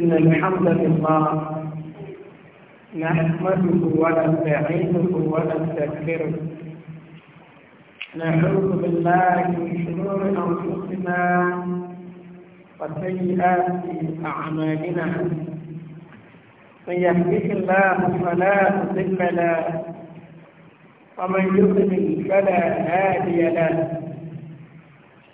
إن الحمد لله نحمده ونستعينه ونستغفره نعوذ بالله من شرور أنفسنا وسيئات أعمالنا من يهده الله فلا مضل له ومن يضلل فلا هادي له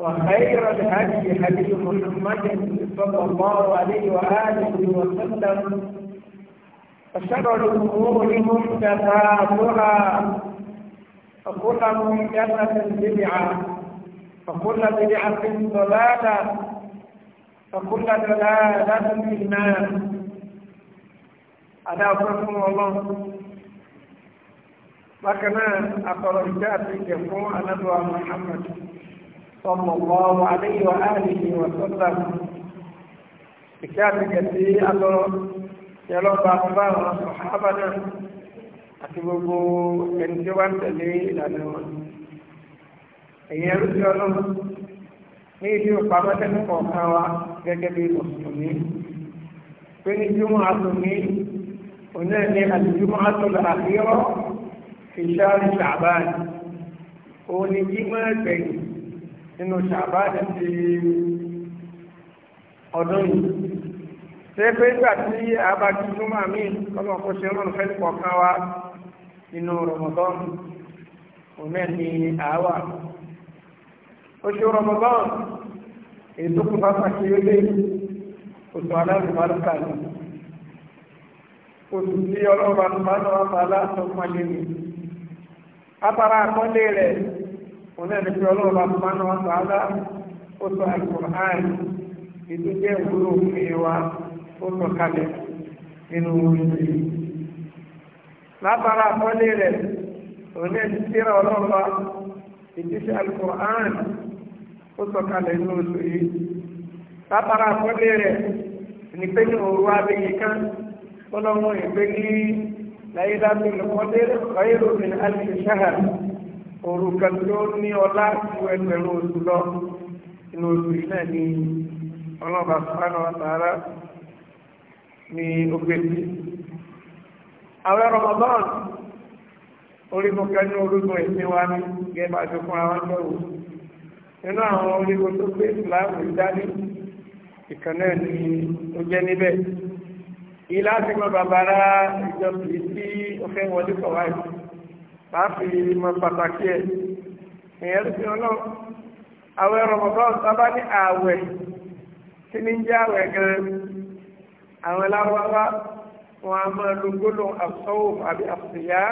وخير الهدي هدي محمد صلى الله عليه واله وسلم وشر الامور محدثاتها وكل محدثه بدعه وكل بدعه ضلاله وكل ضلاله في النار أنا أقول الله بكنا أقرأ ذاتك يقول أنا محمد صلى الله عليه وآله وسلم كتاب كثير أدر يلو بأخبار صحابنا أتبقوا انتوان تلي لنوان ẹ̀yẹ rúbí ọlọ́run ní ibi ìpamọ́tẹ́nu kọ̀ọ̀kan wa gẹ́gẹ́ bí mùsùlùmí pé ní júmọ́ àtúnmí òní ẹ̀ní àtijúmọ́ àtúnlá àfihàn ìṣáàrí ṣàbáàní òun ni jímọ̀ ẹgbẹ̀yìn nínú ṣàbáàdì ti ọdún yìí ṣe pé nígbà tí a bá ti túmọ̀ mí kọ́mọ kó ṣe rọrùn fẹ́ kọ̀ọ̀kan wa nínú Ramadan òmẹ́ ni àáwà oṣù Ramadan ètò kò bá pàṣẹ lé oṣù aláàbùbárúkà ni oṣù tí ọlọ́run bá tó bá tó pọ́nlé ni apara àkọ́lé rẹ̀ onáàdé pé ọlọ́run bá fún bánú wọn sàádá ó sọ alukur'an ètò jẹ́ ìwúrò òfin wa ó sọ kalẹ̀ nínú ìlú lábára àkọlé rẹ̀ onáàdé tíra ọlọ́run bá ètò ṣe alukur'an ó sọ kalẹ̀ nínú ìlú yìí lábára àkọlé rẹ̀ ní pé ní òru abẹ́yẹ kan ọlọ́run ìgbé ní láyé dábìlì kọ́dé ọ̀yẹ́rọ̀ mi ní alẹ́ ṣáhà òrùka tó ní ọlá ju ẹgbẹ̀rún oṣù lọ inú oṣù yìí náà ni ọlọ́ba sùpánà ọ̀tàrà ní ogbèsì. àwọn Ramadan orígun kan ní orúkọ ìsìn wa ní gẹ́gẹ́ bá ti fún àwọn lọ́wọ́ nínú àwọn orígun tó gbé ìsìláàmù dání ìkan náà ni ó jẹ́ níbẹ̀. ìlà ti mọ bàbára ìjọ kìí sí ọ̀fẹ́ wọlé kọ̀wáìsì bá fi mọ pàtàkì ẹ̀ èèyàn ti wọn náà àwẹ̀ Ramadan sábà ní àwẹ̀ tí ní jẹ́ àwẹ̀ gan àwọn lárúbáwá wọn a máa lo gbólóhùn àfọwò àbí àfìyà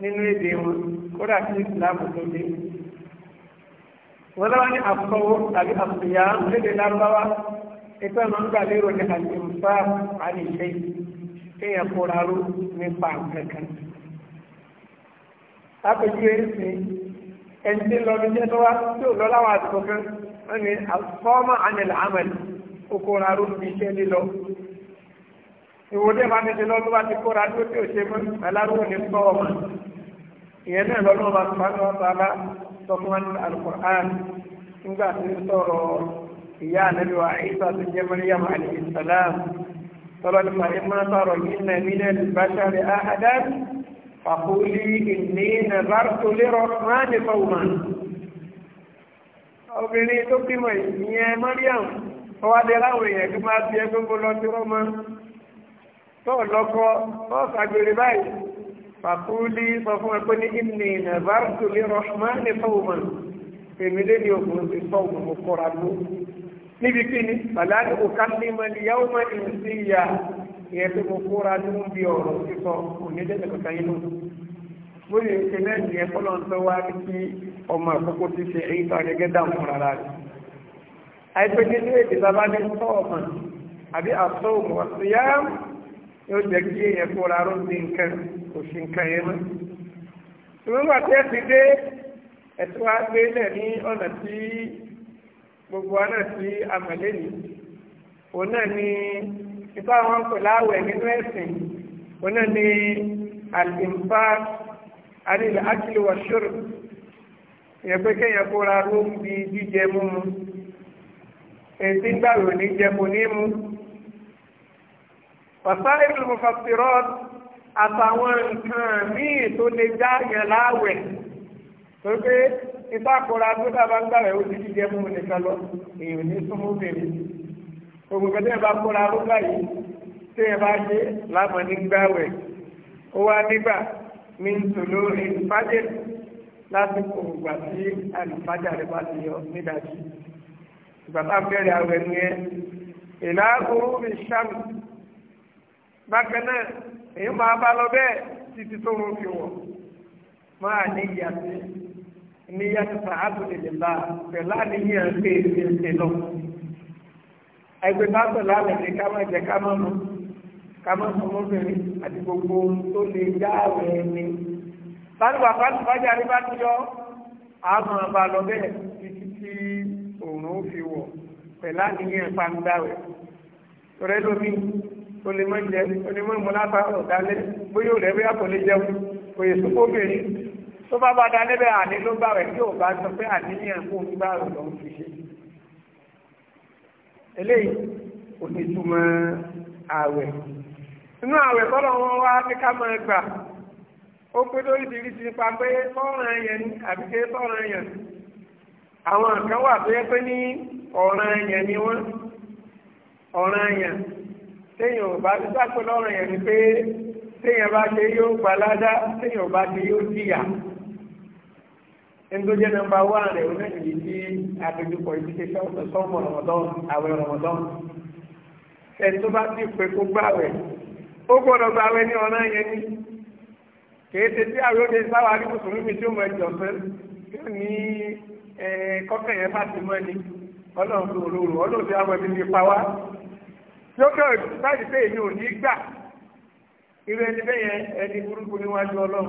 nínú èdè wọn kódà sí ìsìlámù tó dé wọn lọ́wọ́ ní àfọwò àbí àfìyà lédè lárúbáwá ìtọ́ máa ń gbà lérò ní àjùmọ́ àti ìṣe kéèyàn kóra ró nípa nǹkan kan lápẹjú èsì ẹni tí lọ níjẹ́ tó wá tí ò lọ láwọn àtìkò kan wọ́n ní fọ́ọ́mà anil amal okòrò arúgbó iṣẹ́ lílọ ìwòdé máa ní ti lọ tó bá ti kóra tó tí ò ṣe mọ́ alárùn ní fọ́ọ̀mà ìyẹn náà lọ́nà máa tó máa tó máa bá tọ́kùnrin alukur'an nígbà tí ń sọ̀rọ̀ ìyá ànábi àìsà tó jẹ́ mọ́ríyàmù alayhi salam tọ́lọ́ nípa ìmúnátọ̀rọ̀ yìí náà فقولي إني نظرت للرحمن صوما obìnrin tó bímọ ìyẹn mariam tó wá dé láwọn èèyàn tó máa fi ẹgbẹ́ gbogbo lọ sí rọ́mọ tó lọ́kọ tó ṣàgbèrè báyìí fàkúlì sọ fún ẹgbẹ́ ní ìmì nàbàrùtù lè rọ́ṣùmá ní fọ́ọ̀mù èmi lé ní òkùnrin ti ni bàlá ní ìyẹn pé mo kóra nínú bí ọ̀rọ̀ sísọ onídẹ́gbẹ̀ ṣe náà ìyẹn kọ́lọ́ ń tọ́wá kí ọmọ àkókò ti ṣe èyí tó àgẹ́gẹ́ dáhùn fúnra rẹ̀ àìpé nínú èdè bàbá ní sọ́ọ̀mọ̀ àbí àsọ́ọ̀mù ọ̀sìyá yóò jẹ́ kí kóra nǹkan kò sí nǹkan yẹn mọ́ wà tẹ́ ti gbogbo òun náà ìfá wọn kò láwẹ̀ nínú ẹ̀sìn oní ní àlìǹfà àrílẹ̀ akílù wàṣúrù ìyẹn pé kéèyàn kóra ló ń bi jíjẹ múmu èyí tí ń gbàrò ní jẹ kò ní mú pàṣẹ ìlú fàṣírọ́ àtàwọn nǹkan míì tó lè já yẹn láwẹ̀ tó pé ìfá kóra ló dábàá ń gbàrẹ̀ ó ti jíjẹ múmu nìkan lọ èyí ní súnmọ́ bèrè ògùn kan tí ẹ bá kóra ló báyìí tí ẹ bá ṣe lámọ̀ nígbàwẹ̀ ó wá nígbà ní tòló ìfájẹ́ lásìkò ìgbà tí àlùfájà rẹ̀ bá ti yọ nídàájí ìgbà tá a bẹ̀rẹ̀ àwẹ̀ ni ẹ ìlà òru mi ṣàmì bákan náà èyí máa bá lọ bẹ́ẹ̀ títí tó ń fi wọ̀ máa ní ìyàtí ní ìyàtí sàádùn ìdìbà pẹ̀lú àníyàn pé èsì ń ṣe lọ ẹgbẹ́ bá sọ lánàá pé ká má jẹ ká má mú ká má mú ọmọbìnrin àti gbogbo ohun tó lè dá àwẹ̀ ẹni. lálùbà pàṣẹ bájà bá ti yọ àmọ́ bá lọ bẹ́ẹ̀ títí tí òun ó fi wọ̀ pẹ̀lú àníyàn pàǹdáwẹ̀. rẹ lómi o lè mọ jẹ o lè mọ ìmúláta ọ̀dálẹ́ bóyá òun ẹ̀rọ yàtọ̀ lè jẹun kò yẹ sọ́kó bèrè tó bá bá dalẹ́ bẹ́ẹ̀ àní ló gbà rẹ̀ tí ò bá sọ pé àníyàn kò ń gbà rẹ̀ eléyìí kò ní túmọ̀ ààwẹ̀ inú ààwẹ̀ tọ́lọ̀ wọn wá ní ká máa gbà ó pé lórí ìdírísí nípa pé tọ́ràn yẹn ni àbí pé tọ́ràn yẹn àwọn kan wà tó yẹ pé ní ọ̀ràn yẹn ni wọ́n ọ̀ràn yẹn téèyàn ò bá dápẹ́ lọ́ràn yẹn ni pé téèyàn bá ṣe yóò gbalada téèyàn ò bá ṣe yóò jìyà ndójẹ́ nọ́mbà wá rẹ̀ ó lẹ́yìn yìí tí àpéjọpọ̀ ibi ṣe sọ́mọ̀ rọ̀mọ̀dán àwẹ̀ rọ̀mọ̀dán ẹni tó bá ti pè kó gbàwẹ̀ ó gbọ́dọ̀ gbàwẹ̀ ní ọ̀nà yẹn ni kìí ṣe tí àwọn òde sáwà rí mùsùlùmí tí ó mọ ẹjọ́ fẹ́ tí ó ní kọ́kẹ́ yẹn bá ti mọ́ ẹni ọlọ́run tó olóòrò ọlọ́run tó àwọn ẹbí ti pa wá tí ó kẹ́ báyìí pé èmi ò ní gbà irú ẹni bẹ́yẹn ẹni burúkú níwájú ọlọ́run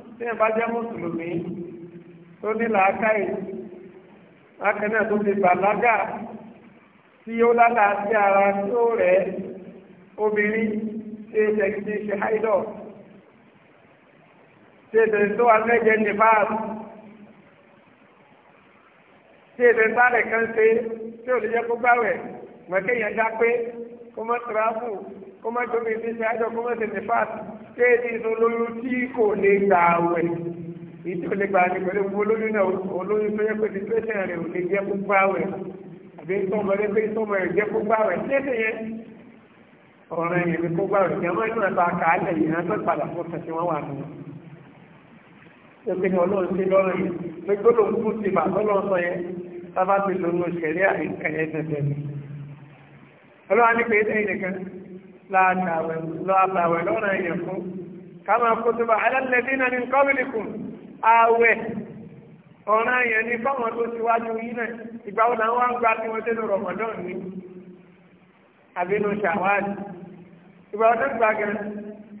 tí ẹ bá jẹ́ mùsùlùmí tó ní làákàyè akẹ́nà tó ti bàlágà tí ó lálà sí ara tí ó rẹ̀ obìnrin tí ó ṣe ti ṣe háìdọ̀ tí ó ṣe tó alẹ́jẹ nepal tí ó ṣe sáré kan ṣe tí ó lè jẹ́ kó gbáwẹ̀ mọ̀kéyàn dá pé kó mọ́ tìráfù kó má tóbi ní ṣe àjọ kó má tètè fáàtì kéèdì inú lóyún tí kò lè gbà àwẹ̀ ìdí ò lè gbà ní pẹ̀lú gbogbo olóyún náà olóyún tó yẹ pé situation rẹ̀ ò lè jẹ́ gbogbo àwẹ̀ àbí sọmọ rẹ pé sọmọ rẹ jẹ́ gbogbo àwẹ̀ tẹ́tẹ̀ yẹn ọ̀rọ̀ ẹ̀yìn mi gbogbo àwẹ̀ kí ọmọ ìlú ẹ̀ta kàálẹ̀ yìí rántọ́ padà fún ọ̀sẹ̀ tí wọ́n wà nù. ọlọ́run ní pé ẹ̀yìn láàkàwẹ̀ lọ́àbàwẹ̀ lọ́nà èèyàn fún kama kutiba ala alladhina min qablikum àwẹ̀ ọ̀ràn èèyàn ní fáwọn tó síwájú yìí náà ìgbà wo làwọn wá ń gba tí wọ́n tẹ́lẹ̀ Ramadan ní àbínú ṣàwáàdì ìgbà wo tó gba gan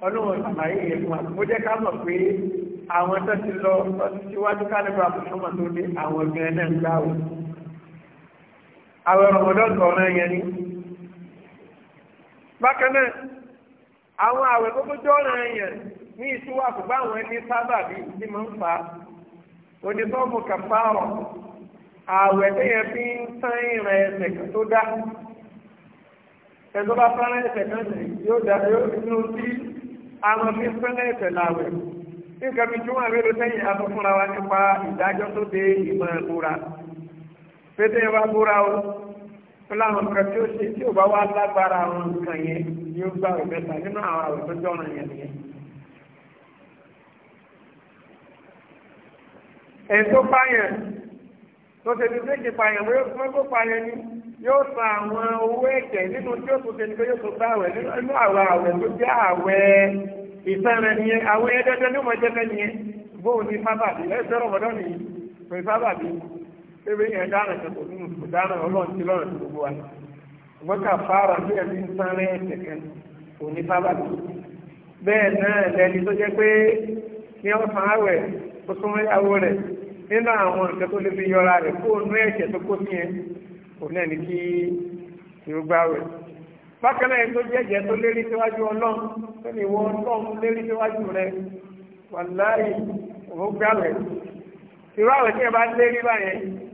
ọlọ́wọ́n àbáyé yẹn fún wa mo jẹ́ ká mọ̀ pé àwọn tó ti lọ síwájú kálíbà fúnfúnmọ́ tó dé àwọn gan náà gbà àwọn Ramadan bákan náà àwọn àwẹ̀ kókó jọ́ra yẹn ní ìtura àkùgbà àwọn ẹni sábà bí ti máa ń fa onífọ́ọ̀mù kàfáàrọ̀ àwẹ̀ téèyàn fi ń tán ìrìn ẹsẹ̀ kan tó dá ẹ̀dọ́ bá fẹ́ràn ẹsẹ̀ kan sì yóò dá yóò nínú sí àwọn fi fẹ́ràn ẹsẹ̀ làwẹ̀ nǹkan bí jùmọ̀ àbẹ́rẹ́ sẹ́yìn afọ́fúnra wa nípa ìdájọ́ tó dé ìmọ̀ ìbúra pété wa búra o láwọn nǹkan tí ó ṣe tí ò bá wá lágbára àwọn nǹkan yẹn ni ó gbà rẹ̀ mẹ́ta nínú àwọn àwẹ̀ tó jọ́ràn yẹn nìyẹn. ẹ̀yìn tó pààyàn tó ṣe ní séèkì pààyàn bóyá fún ẹgbẹ́ pààyàn ni yóò san àwọn owó ẹ̀jẹ̀ nínú tí ó tún ṣe ní pé yóò tún bá àwẹ̀ nínú àwọn àwẹ̀ tó jẹ́ àwẹ̀ ìsanra nìyẹn àwẹ̀ ẹ̀dẹ́dẹ́ ní ọmọ jẹ́fẹ́ nìyẹn bóun ní fábàbí ẹ̀ ebe yẹn dára kan kò nínú kò dára ọlọ́run ti lọ́rọ̀ tó gbogbo wa ṣùgbọ́n ká fara bí ẹbí ń san rẹ̀ ẹ̀sẹ̀ kan kò ní sábà tó bẹ́ẹ̀ náà lẹni tó jẹ́ pé ní ọ̀sán àwẹ̀ tó súnmọ́ ìyàwó rẹ̀ nínú àwọn nǹkan tó lè fi yọra rẹ̀ kó nú ẹ̀jẹ̀ tó kó sí yẹn kò náà ní kí ìrúgbà rẹ̀ bákan náà tó jẹ́ ẹ̀jẹ̀ tó lérí síwájú ọlọ́run tó lè wọ ọlọ́run lérí síwájú rẹ̀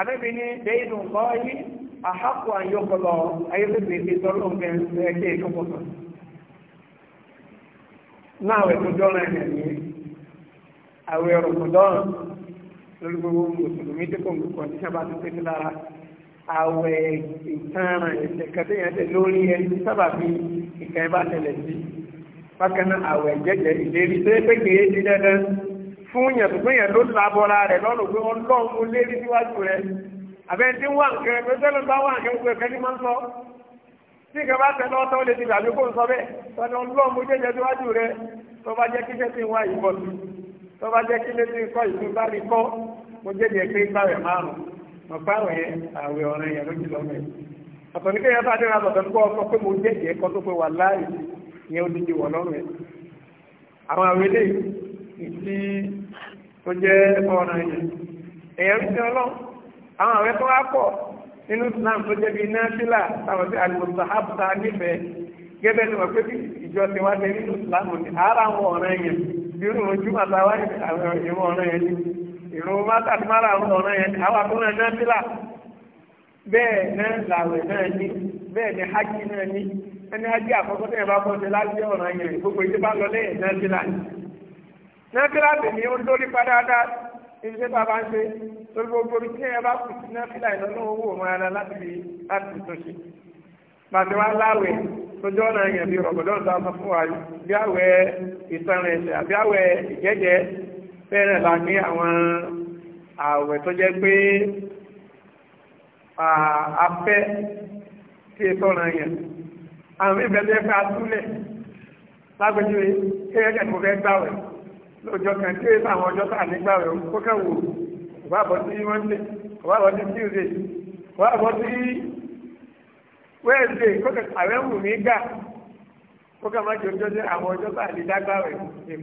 àbẹ́bí ní bẹ́ẹ̀dù ńkọ́ yí àhápò àyọkọlọ ayélujára ti tọ́lọ́ nǹkan ẹgbẹ́ ìkọ́kọ̀tọ̀ náà wẹ̀ tó dọ́nà ẹ̀yẹ̀ ní àwẹ̀ rọ̀mọdọ́n lórí gbogbo mùsùlùmí tí kò ń kọ̀ǹtíṣàn bá ti pété lára àwẹ̀ ìtara ẹ̀sẹ̀ kẹtẹ́yẹ̀tẹ̀ lórí ẹni sábàbí ìkẹ́ bá tẹ̀lẹ̀ sí bákan àwẹ̀ jẹ́jẹ́ ìlérí tó yẹ pé kìí di fún yẹn tó fún yẹn ló labọ́ra rẹ̀ lọ́nà pé wọ́n lọ́ mú lérí síwájú rẹ̀ àbẹ́ntí wà nǹkan ẹgbẹ́ tẹ́lẹ̀ bá wà nǹkan gbogbo ẹ̀fẹ́ ní máa ń sọ tí nǹkan bá tẹ lọ́tọ́ lè ti dàbí kó ń sọ bẹ́ẹ̀ tọ́ni wọ́n lọ́ mú jẹ́jẹ́ síwájú rẹ̀ tó bá jẹ́ kí iṣẹ́ ti wá yìí sí tó bá jẹ́ kí ilé ti kọ́ bá rí kọ́ jẹ́jẹ́ pé márùn ìdí tó jẹ́ ọ̀ràn yìí èèyàn ń sin ọlọ́run àwọn àwẹ̀ tó wá pọ̀ nínú Islam tó jẹ́ bíi náfìlà táwọn sí alùpùpù nífẹ̀ẹ́ gẹ́gẹ́ ni wọ́n pé bí ìjọ ti wá dé nínú Islam ní ara àwọn ọ̀ràn yẹn bí irú ojú àtàwọn ìwọ̀n ọ̀ràn yẹn ni ìrò mátàtí mára àwọn ọ̀ràn yẹn àwọn àkúnrẹ̀ náfìlà bẹ́ẹ̀ náà làwẹ̀ náà ní bẹ́ẹ̀ ni hajj náà ní ẹni hajj àkọ́kọ́ tẹ̀yẹ̀ bá kọ́ ṣe láti ọ̀ràn nẹ́fílà tèmi ó dórí padà iṣẹ́ bàbá ń ṣe torí gbogbo ibi tí ẹ bá kù sí nẹ́fílà ìnáwó owó ọmọ ara láti fi láti tó ṣe. màtí wá láwẹ̀ lójú ọ̀nà yẹn bí rọ̀gbọ̀dọ̀ ta sọ fún wa bí àwẹ̀ ìtàn ẹ̀ṣẹ̀ àbí àwẹ̀ ìjẹ́jẹ́ fẹ́rẹ̀ la ní àwọn àwẹ̀ tó jẹ́ pé afẹ́ tí ètò ọ̀nà yẹn àwọn ìbẹ̀rẹ̀ fẹ́ atúlẹ̀ lágbèjúwe kéèké kò fẹ́ gbàwẹ̀. lọ́jọ́ kan tí ó yẹ sáwọn ọjọ́ tá nígbà rẹ̀ kó kẹ́wò ọba àbọ̀ sí sí Tuesday ọba sí Wednesday kó kẹ́ wù mí gà má ọjọ́ àwọn ọjọ́ ní dágbà rẹ̀ ní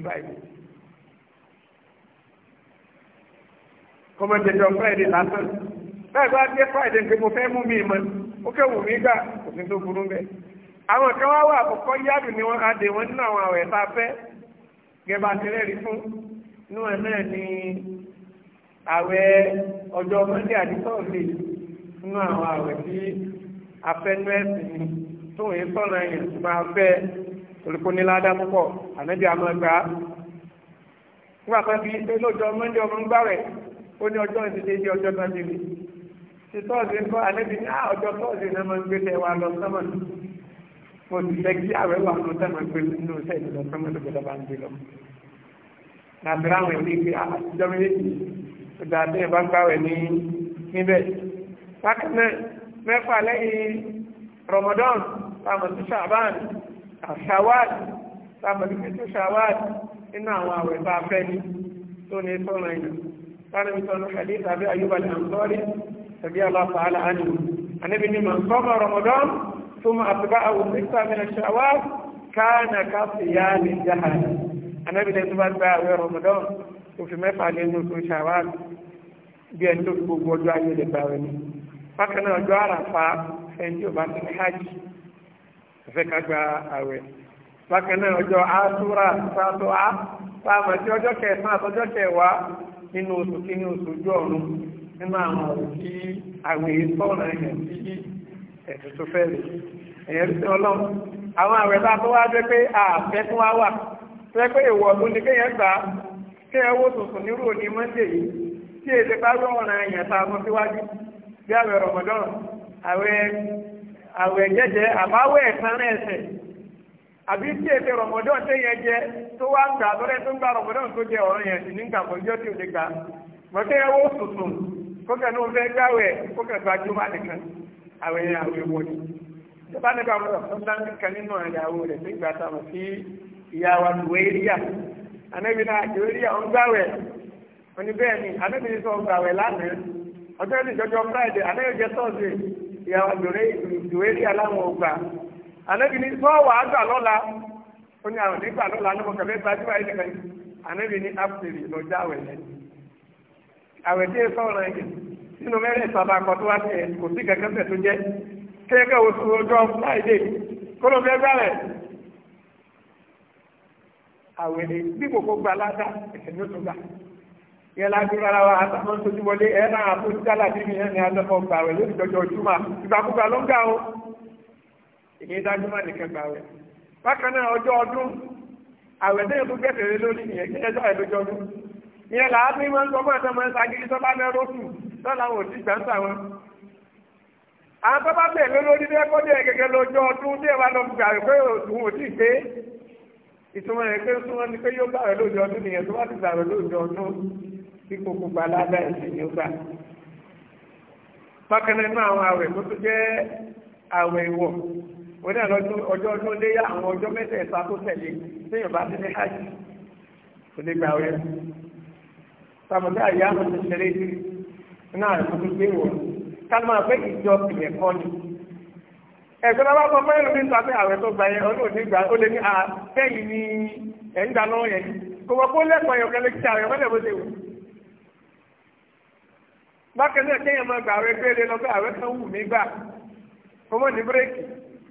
Friday lásán bẹ́ẹ̀ bá dé Friday pé mo fẹ́ mú mi mọ́ ó kẹ́ wù mí gà kò sí tó burú bẹ́ẹ̀ àwọn kan wá gẹ́gbà tẹ́lẹ̀rí fún inú ẹ̀ náà ni ààwẹ̀ ọjọ́ mọ́ndé àdìsọ́ọ̀lì nínú àwọn ààwẹ̀ tí afẹ́nú ẹ̀sìn ni tó ń sọ̀rọ̀ ẹ̀yìn tó máa fẹ́ torípó ní ládá púpọ̀ ànábì àmọ́ gbà á. nígbà kan bíi pé lọ́jọ́ mọ́ndé ọmọ ń gbàwẹ̀ ó ní ọjọ́ ìdílé di ọjọ́ náà ti rí. ti tọ́ọ̀sì ń kọ́ ànábì ní ah, ọjọ́ náà máa ń gbé tẹ̀ wá lọ sọ́mọ̀ mo ti fẹ́ kí àwẹ̀ wà mo tẹ́mọ̀ pé inú iṣẹ́ ìjọba tó mọ̀ lọ́gbẹ̀dọ̀ bá ń gbé lọ. nàbẹ̀rẹ̀ àwọn ẹ̀mí pé àtijọ́ ah, méjì ìgbà tí ẹ bá gbàwẹ̀ ní níbẹ̀. bákan náà mẹ́fà lẹ́yìn Ramadan tàmọ̀tún ṣàbán àṣàwád tàmọ̀tún ṣàwád nínú àwọn àwẹ̀ bá fẹ́ ní tó ní sọ́nà yìí. sáré sọ́nà ṣàdé tàbí ayúbal ansori tàbí aláfàálà ánìmù. ثم أتبعه الستة من الشعوات كان كصيام الدهر أنا بدأت بقى في رمضان وفي مفعل ينزل شعوات بأن تكون وجوه يدباوني bákan náà ọjọ́ àràfà ẹni tí ó bá ti hajj ẹ̀fẹ́ ká gba àwẹ̀ bákan náà ọjọ́ àtúrà sáàtọ̀ á sáàmà tí ọjọ́ kẹsàn-án àtọjọ́ kẹwàá nínú oṣù kí ní oṣù ojú ọ̀run nínú àwọn ọ̀rọ̀ tí àwẹ̀ sọ̀rọ̀ ẹ̀yàn sí ẹ̀sùn tó fẹ́ ẹ̀yẹ́ rí ọlọ́run àwọn àwẹ̀ tó wá pé àfẹ́ wà tó yẹ pé ni kéèyàn gbà á kéèyàn wó tuntun nírú òní mọ́ndé yìí tí èdè bá gbọ́ èèyàn tá a síwájú bí àwẹ̀ àwẹ̀ jẹ́jẹ́ àbáwẹ̀ ẹ̀sán ẹ̀sẹ̀ àbí tí èdè jẹ tó wá gbà lọ́rẹ́ tó ń gba tó jẹ yẹn sì ní àwọn ẹ̀yà àwọn ewu ni ìjọba nípa àwọn ọ̀sán kan nínú ìyàwó rẹ̀ nígbà táwọn sí ìyàwó àdúwẹ̀ẹ́ríà anábì náà àdúwẹ̀ẹ́ríà ń gbàwẹ̀ òní bẹ́ẹ̀ ni anábì sọ gbàwẹ̀ lánàá ọjọ́ ní ìjọjọ́ friday anábì jẹ́ tọ́sí ìyàwó àdúwẹ̀ẹ́ríà láwọn ògbà anábì ní sọ́ọ̀wà àgbà lọ́la ó ní àwọn nígbà lọ́la ní mo kẹ̀lé gbajúmọ̀ ẹ̀ nìkan anábì ní ápùtèrè lọ́jà àwẹ̀ yẹn àwẹ̀ tí ì nínú mẹ́rin sábà kan tó wá sí ẹ̀ kò sí kankan bẹ̀ tó jẹ́ kẹ́kẹ́ oṣù ọjọ́ friday kóló fẹ́ gbà rẹ̀ àwẹ̀lẹ̀ bí kòkó gba ládà ẹ̀sẹ̀ ló tó gbà yẹn la dúró ara wa àtàwọn sojúmọ́lé ẹ̀ náà àfojúdálà bí mi yẹn ni adọ́fọ́ gbà rẹ̀ lórí ìjọjọ́ ojúmọ́ ìgbàkúgbà ló ń gà o èyí dájú má nìkan gbà rẹ̀ bákan náà ọjọ́ ọdún àwẹ̀ tẹ́yìn tó gbẹ̀sẹ̀ lé lórí ìyẹn kí ẹjọ́ ẹ̀ lójọ́ ọdún ìyẹn làá fi máa ń sọ fún ẹ̀sẹ̀ mọ́ ẹ̀sẹ̀ agídí tó bá mẹ́rọ́sùn lọ́la wọn ò sí gbà ń sà wọn. àwọn tó bá bẹ̀rẹ̀ lórí ní ẹ̀kọ́ díẹ̀ gẹ́gẹ́ lọ́jọ́ ọdún díẹ̀ wà lọ gbà pé òun ò tí ì pé ìtumọ̀ rẹ̀ pé súnmọ́ ni pé yóò gbà rẹ̀ lóòjọ́ ọdún nìyẹn tó bá ti gbà rẹ̀ lóòjọ́ ọdún tí kò kò gbà lábẹ́ ìsìn yóò gbà. bákan náà àwọn àwẹ̀ tó tún jẹ́ àwẹ̀ ìwọ̀ wọ́n ní ọjọ́ ọdún léyà àwọn ọjọ́ mẹ́tẹ̀ẹ̀ta tó tẹ̀lé náà ló gbé wọ̀ ká máa pé ìjọ ìpìlẹ̀ kọ́ ni. ẹ̀sùn náà bá sọ fún ẹlòmíín sọ pé àwẹ̀ tó gba yẹn olóòdì gbà ó lè ní àtẹ́yìn ní ẹ̀ ń yẹn kò wọ́n kó lẹ́kọ̀ọ́ yẹn kẹ́lẹ́ kí àwẹ̀ mọ́lẹ̀ bó ṣe wù. bákan náà kéèyàn máa gbà àwẹ̀ lọ pé àwẹ̀ kan wù mí gbà kó ní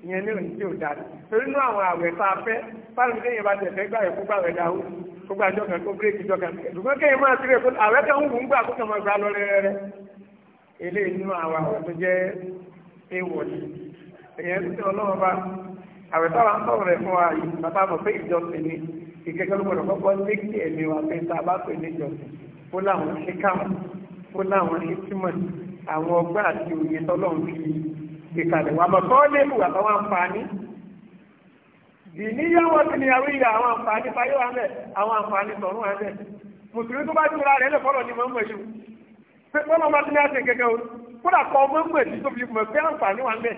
ìyẹn ní òní tí ò dáa torí inú àwọn àwẹ̀ tá a fẹ́ fáwọn ìdíyẹn bá tẹ̀fẹ́ gbà ẹ̀ kó gbà wẹ̀ dáhùn kó gbà jọ kan kó bírèkì jọ kan ṣùgbọ́n kéèyàn máa tirẹ̀ fún àwẹ̀ kan ń wù ń gbà kó kàn máa gbà lọ rẹ́rẹ́rẹ́ eléyìí nínú àwọn àwẹ̀ tó jẹ́ èèwọ̀ ni ìyẹn tó ọlọ́run bá àwẹ̀ táwa ń sọ̀rọ̀ rẹ̀ fún wa yìí bàbá mọ̀ pé ìjọsìn ni ìkẹ́kẹ́ ló gbọ́dọ̀ kọ́kọ́ lékì ẹ̀mí wa a bá pè ní ìkàlẹ̀ wà mọ̀ sọ́ọ́lẹ̀ ìwà àtàwọn àǹfààní ìníyàwó ti ní àwọn ìyá àwọn àǹfààní fayé wa mẹ́ àwọn àǹfààní sọ̀rún wa mẹ́ mùsùlùmí tó bá jura rẹ̀ lè fọ́lọ̀ ní mọ̀ mọ̀ yìí pé fọ́lọ̀ máa ti ní àṣẹ kẹ̀kẹ́ o kódà kọ́ mọ̀ mọ̀ yìí tó fi mọ̀ pé àǹfààní wa mẹ́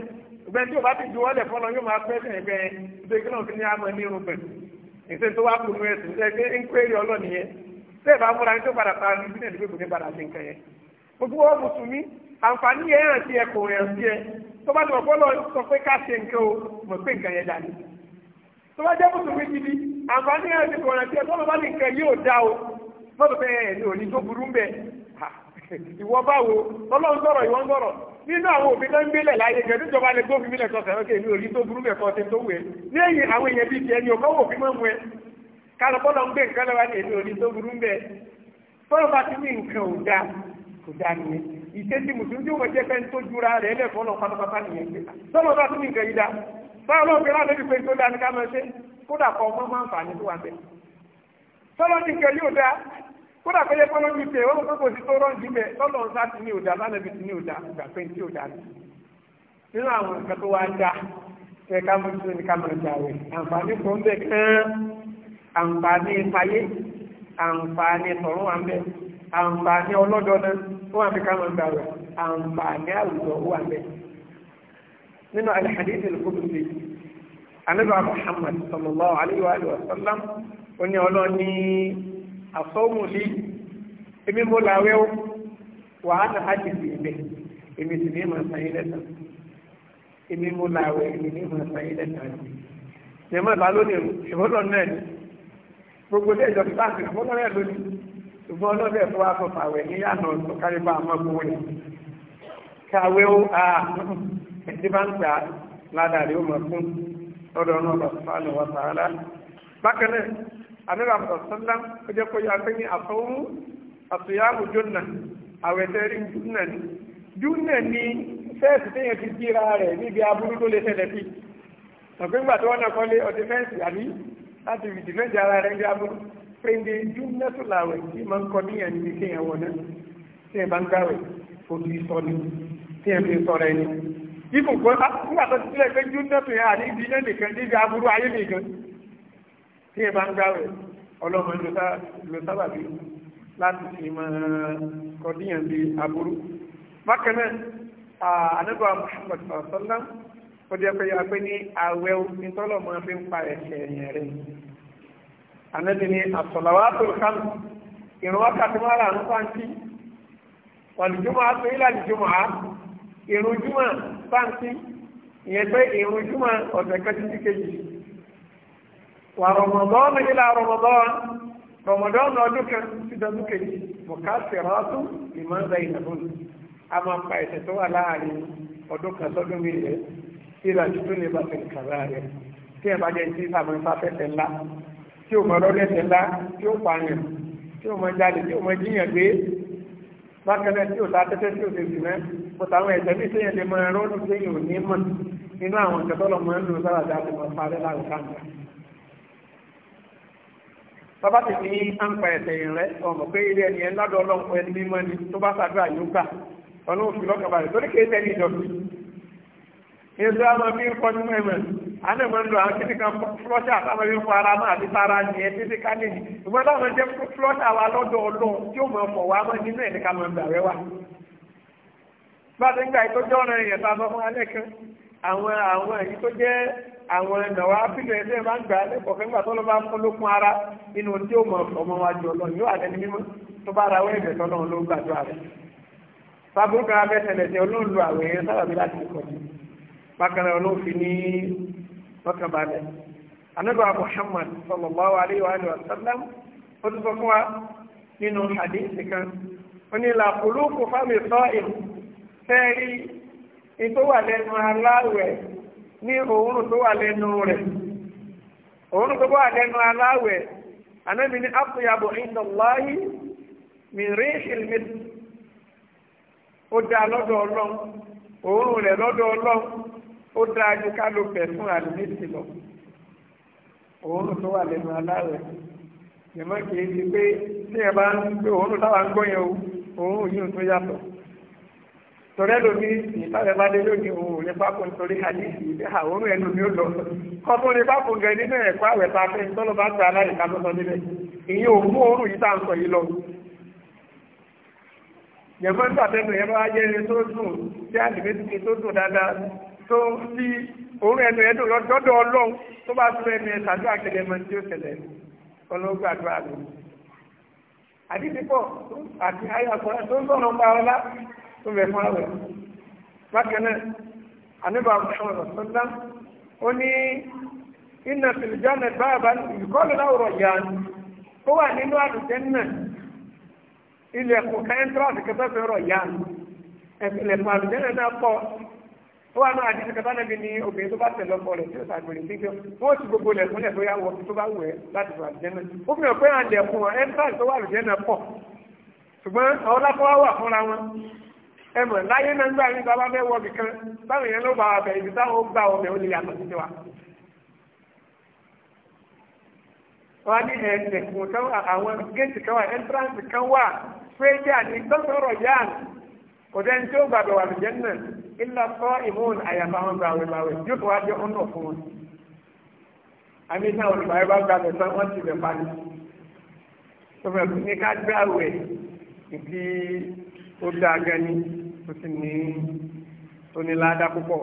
ìgbẹ́ tí o bá ti ju wọ́lẹ̀ fọ́lọ̀ yóò máa pẹ́ sẹ̀ bẹ́ẹ̀ ìgbẹ́ kí náà fi ní àmọ́ ní irun bẹ̀ ìṣe tó wá kunu ẹ̀sìn ṣe pé ń péré ọlọ́nìyẹn tẹ́ẹ̀ bá múra ní tó padà pa ní bí àǹfààní yẹn hàn sí sí ẹ tó bá ti mọ̀ sọ pé ká ṣe nǹkan o mọ̀ pé nǹkan yẹn dání tó bá jẹ́ mùsùlùmí gidi àǹfààní yẹn sí kò hàn sí ẹ tọ́lọ́ bá yóò dá o lọ́dọ̀ pé ẹ̀ ní òní tó burú ń bẹ̀ ìwọ báwo ọlọ́run sọ̀rọ̀ ìwọ ń sọ̀rọ̀ nínú àwọn òbí ń gbélẹ̀ láyé ìjọba lè mílẹ̀ ní tó burú tó ní àwọn èèyàn bíi ìṣesí mùsùlùmí tí ó wọ́n jẹ́ pé ń tó jura rẹ̀ lẹ́fọ́ lọ pátápátá nìyẹn sọ́nà bá tún ní nǹkan yìí dá sọ́nà ló ń fi láti pé tó dání ká máa ṣe kódà kọ́ ọmọ máa ń fà ní tó wà bẹ́ẹ̀ sọ́nà ní nǹkan yóò dá kódà pé yẹ́pẹ́ lójú pé wọ́n kókò sí tó rọ́ǹdì bẹ́ẹ̀ sọ́nà ọ̀sá ti ní òdà lánàbí ti ní òdà gbà pé tí òdà ni nínú àwọn nǹkan tó wá dá ẹ ká ní ká máa jà àǹfààní kan bẹ́ẹ̀ kán àǹfààní ìpayé àǹfààní tọ̀rún wa bẹ́ẹ̀ àǹfààní ọlọ́dọọdún wọ́n àfi ká máa gbàwẹ̀ àǹfààní àwùjọ wà bẹ́ nínú alhadith al-qudsi anabi muhammad sallallahu alayhi wa sallam ó ní ọlọ́ni asọ́mùlì èmi mo làwẹ̀ ó wà á ta hajj sí ibẹ̀ èmi sì ní màá sàn yín lẹ́sàn èmi mo làwẹ̀ èmi ní màá sàn yín lẹ́sàn yìí jẹ́mọ́ ìbálòdì ìfọ́lọ́ náà ni gbogbo ilé ìjọba ìbáṣe ìfọ́lọ́ náà lónìí ṣùgbọ́n ọlọ́dẹ̀ tó wá fọ́fà wẹ̀ ní yànà tó kárí àmọ́ fún rẹ̀ kàwé ó a ẹ̀tí bá ń gbà ládàrí ó mọ̀ fún lọ́dọ̀ ọ̀nà ọ̀bà sùpánù wà sàárà bákan náà àdúrà àbùsọ̀ sọ́lá ó jẹ́ kó yá pé ní àfọwú àtúnyàwó jónà àwẹ̀ tẹ́rí jónà ni jónà ni fẹ́ẹ̀sì téèyàn ti jíra rẹ̀ níbi aburú tó lè ṣẹlẹ̀ fi ọ̀gbẹ́ngbà tó wọ́n náà kọ́lé ọ̀dẹ́fẹ́ǹsì àbí láti fìdí fẹ́ǹsì pèndé ju nẹ́tò làwẹ̀ tí máa ń kọ níyàn níbi kí èèyàn wọlé tí èèyàn bá ń gbàwẹ̀ fojú sọ ni tí èèyàn fi sọ̀rọ̀ ẹni. ibùn kan ah, nígbà tó ti sílẹ̀ pé ju nẹ́tò yẹn àní ibi náà nìkan níbi aburú ayé nìkan tí èèyàn bá ń gbàwẹ̀ ọlọ́mọ ló sábà bí láti fi máa kọ níyàn bí aburú. bákan náà ànágbà Muhammad sallallahu ó jẹ́ pé yà pé ní àwẹ̀ òfin tọ́lọ̀ máa fi ń pa ẹ̀ṣẹ̀ ẹ̀yìn rẹ̀ anabi ni asọlawaatu kan irun wákàtí mara ń pàǹtí wàlùjúmọ̀ àti ìlàlùjúmọ̀ á irun júmọ̀ pàǹtí ìyẹn pé irun júmọ̀ ọ̀sẹ̀ kẹtìtì kejì wà rọmọdọ́n ìlà rọmọdọ́n rọmọdọ́n ọdún kan sí dọ́dún kejì bùkátì rọ́ọ̀tù ìmọ̀ọ́dà ìnàbọ̀n a máa pa ẹ̀sẹ̀ tó wà láàrin ọdún kan sọ́dún mi rẹ̀ ìlàjú tó lè bàtẹ̀ kàrà rẹ̀ tí ẹ̀ bá jẹ́ ti sàmì fáfẹ́fẹ́ ńlá tí o mọ lọ́lẹ́sẹ̀ ńlá tí o pààyàn tí o mọ jáde tí o mọ jíyàn gbé bákanáà tí o ta tẹ́tẹ́ tí o ti sì mẹ́ pọ̀tà àwọn ẹ̀sẹ̀ bí sẹ́yìn lè mọ ẹ̀rọ ní sẹ́yìn ò ní mọ̀ nínú àwọn ìtẹ́tọ́lọ̀ mọ́ ń lò sára dá ti mọ̀ parẹ́ láwùjọ káńtà. bàbá ti ní àǹpa ẹ̀sẹ̀ rẹ ọmọ pé ilé ẹni ẹ̀ ńlá dọ́ ọlọ́pọ̀ ẹni mímọ́ ni tó bá ṣàdúrà yóò gbà ọlọ́run fi lọ́kàn balẹ̀ torí kéé èso àmọ́ fi ń kọjú mọ́ ẹ̀mọ́ àná ìmọ̀ ń lo àwọn títí kan flọ́ṣà àtàwọn ẹ̀mí fún ara náà àti sára ní ẹ títí ká lè ní ìmọ̀ táwọn jẹ́ flọ́ṣà wa lọ́dọ̀ ọlọ́run tí ó mọ̀ ọ̀fọ̀ wa mọ́ nínú ẹ̀ ní ká mọ̀ ń gbàwẹ́ wa. báṣe ń gba ìtọ́jú ọ̀rọ̀ ẹ̀yẹ̀ tá a sọ fún alẹ́ kan àwọn àwọn èyí tó jẹ́ àwọn ẹ̀nàwó áfíìlẹ̀ ẹ̀sẹ̀ máa ń gbà lẹ́kọ̀ọ́ fẹ́ gbà tọ́lọ́ bá fún lókun ara nínú tí ó mọ ọmọ wa jù ọlọ́run yóò àtẹni mímọ́ tó bá ra wọ́ ẹ̀bẹ̀ tọ́lọ́run ló gbàdúrà rẹ̀. fábùrúkà abẹ́sẹ̀lẹ̀ tẹ olóòlù àwẹ̀ yẹn sábàbí láti kọ̀ọ̀tù bákanáà ló fi ní lọ́kànbalẹ̀ anábà muhammad sallallahu alayhi wa sallam ó ti sọ fún wa nínú hadithi kan ó ní làkúlù kò fámi sọ ìlú fẹ́ẹ́rí ìtò wà lẹ́nu aláwẹ̀ ní òórùn tó wà lẹ́nu rẹ̀ òórùn tó wà lẹ́nu aláwẹ̀ anábì ní àpòyàbò indallahi min rihil misk ó dá lọ́dọ̀ ọlọ́run òórùn rẹ̀ lọ́dọ̀ ọlọ́run. ó dáájú ká ló pẹ̀ fún lọ òórùn tó wà lẹ́nu aláwẹ̀ ìmọ̀ kìí pé tí ẹ bá ń pé táwa ń gbọ́ yẹn o òórùn yìí tó yàtọ̀ tọ̀rẹ́ lómi ìtàlẹ̀ bá dé lónìí òun ò ní pápọ̀ nítorí ìdí ẹnu mi ó lọ kọ́ tó ní pápọ̀ gẹ̀ nínú ẹ̀kọ́ àwẹ̀ a fẹ́ tọ́lọ́ bá gba aláìka tó sọ níbẹ̀ ò mú òórùn yìí tá à ń sọ yìí lọ bá jẹ́ tó ti òórùn ẹnu ẹ̀dùn lọ́dọ̀ ọlọ́run tó bá tún ẹnu ẹ̀ tàbí àkẹlẹ̀ mọ́ tí ó ṣẹlẹ̀ ọlọ́gbàdúrà lò. àdídìpọ̀ àti ayàkọ́ tó ń sọ̀rọ̀ pa ọlá tó bẹ̀ fún àwẹ̀. bákan náà àníbà sọ̀rọ̀ sọ́dá ó ní iná fìlìjánà báàbá ìkọlù láwùrọ̀ yá ó wà nínú àdùjẹ́ náà ilẹ̀kùn kẹ́ńtírọ̀sì kẹtọ́fẹ́ rọ̀ yá ẹ̀fìlẹ̀kùn àdùjẹ́ náà pọ̀ ó wà náà àdìsí kata náà bí ní obìnrin tó bá tẹ̀lé ọkọ rẹ̀ tí ó sàgbèrè gbígbé wọ́n ti gbogbo lẹ̀ fúnlẹ̀ bóyá wọ tó bá wù ẹ́ láti wà lùjẹ́ náà ó fi hàn pé àǹdẹ̀ fún wọn ẹ́ńtàn tó wà lùjẹ́ náà pọ̀ ṣùgbọ́n àwọn lápá wà fúnra wọn ẹ mọ̀ láyé náà nígbà yín bàbá bẹ́ẹ̀ wọ bìkan báwo yẹn ló bá wà bẹ̀ ibi táwọn gbà ọbẹ̀ ó lè yàtọ̀ sí wa. wọ́n á ní ẹ̀ẹ́dẹ̀kùn kòtẹ́ ní tí ó gbàgbọ́ wà lùjẹ́ náà ilà sọ ìmúhùn àyàfà wọn gba àwẹ̀ báwẹ̀ yóò tó wá jẹ́ ọ̀nà fún wọn. àmì náà olùkọ́ ẹ bá gba àwẹ̀ sọ wọ́n ti lè parí. sọfẹ̀ ní ká gbé àwẹ̀ ìdí ó dáa ni ó sì ní tó ní ládá púpọ̀.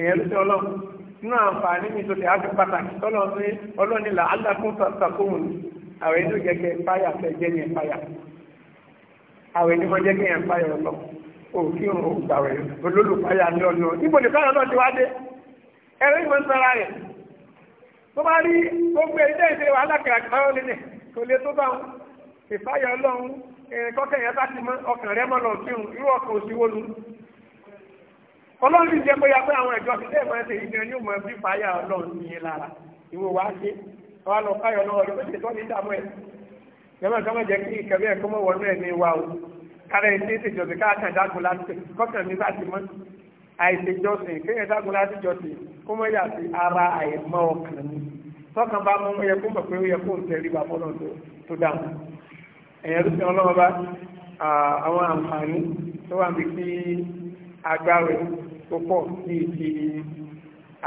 ẹ̀yẹ́ ló ti ọlọ́run nínú àǹfààní mi tó ti á fi pàtàkì tọ́lọ́ ní ọlọ́ọ̀nìlà alákùn sàkóhùn àwẹ̀ inú àwọn ènìyàn jẹ́ kí yẹn fáyọ̀ lọ òkè òun ògbàwẹ̀ olólùfáyà ní ọ̀nà níbo ní fáyọ̀ náà ti wá dé ẹ̀rọ ìmọ̀ ń sara rẹ̀ tó bá rí gbogbo ẹ̀dẹ́ ìṣe wàhálà kìràkìrà ó lé kò lè tó bá wọn ìfáyọ̀ ọlọ́run kọ́kẹ́ yẹn bá ti mọ ọkàn rẹ̀ mọ́ lọ sí òun irú ọkàn òsì wọlú ọlọ́run ti jẹ́ bóyá pé àwọn ìjọ ti dẹ́ẹ̀mọ́ ẹsẹ̀ yìí gan ni òun bí fáyà ọlọ́run ní lára ìwò wá ṣe wà lọ fáyọ̀ ọlọ́run ọdún méjì jẹ́mọ̀ kọ́ mọ̀ jẹ́ kí ìkẹ́bí ẹ̀kọ́ mọ̀ wọ́n náà ní wa o kára ẹ̀ ṣe ìṣèjọsìn káàkiri dágun láti kọ́kàn mi láti mọ́ àìṣèjọsìn kéèyàn dágun láti jọsìn kó mọ̀ yà sí ara àìmọ́ ọkàn mi tọ́kàn bá mọ́ ó yẹ kó mọ̀ pé ó yẹ kó ń tẹ̀rí wa fọ́nà tó dáhùn ẹ̀yẹ́ ló fi ọlọ́wọ́ bá àwọn àǹfààní tó wà ní kí agbára tó pọ̀ sí ti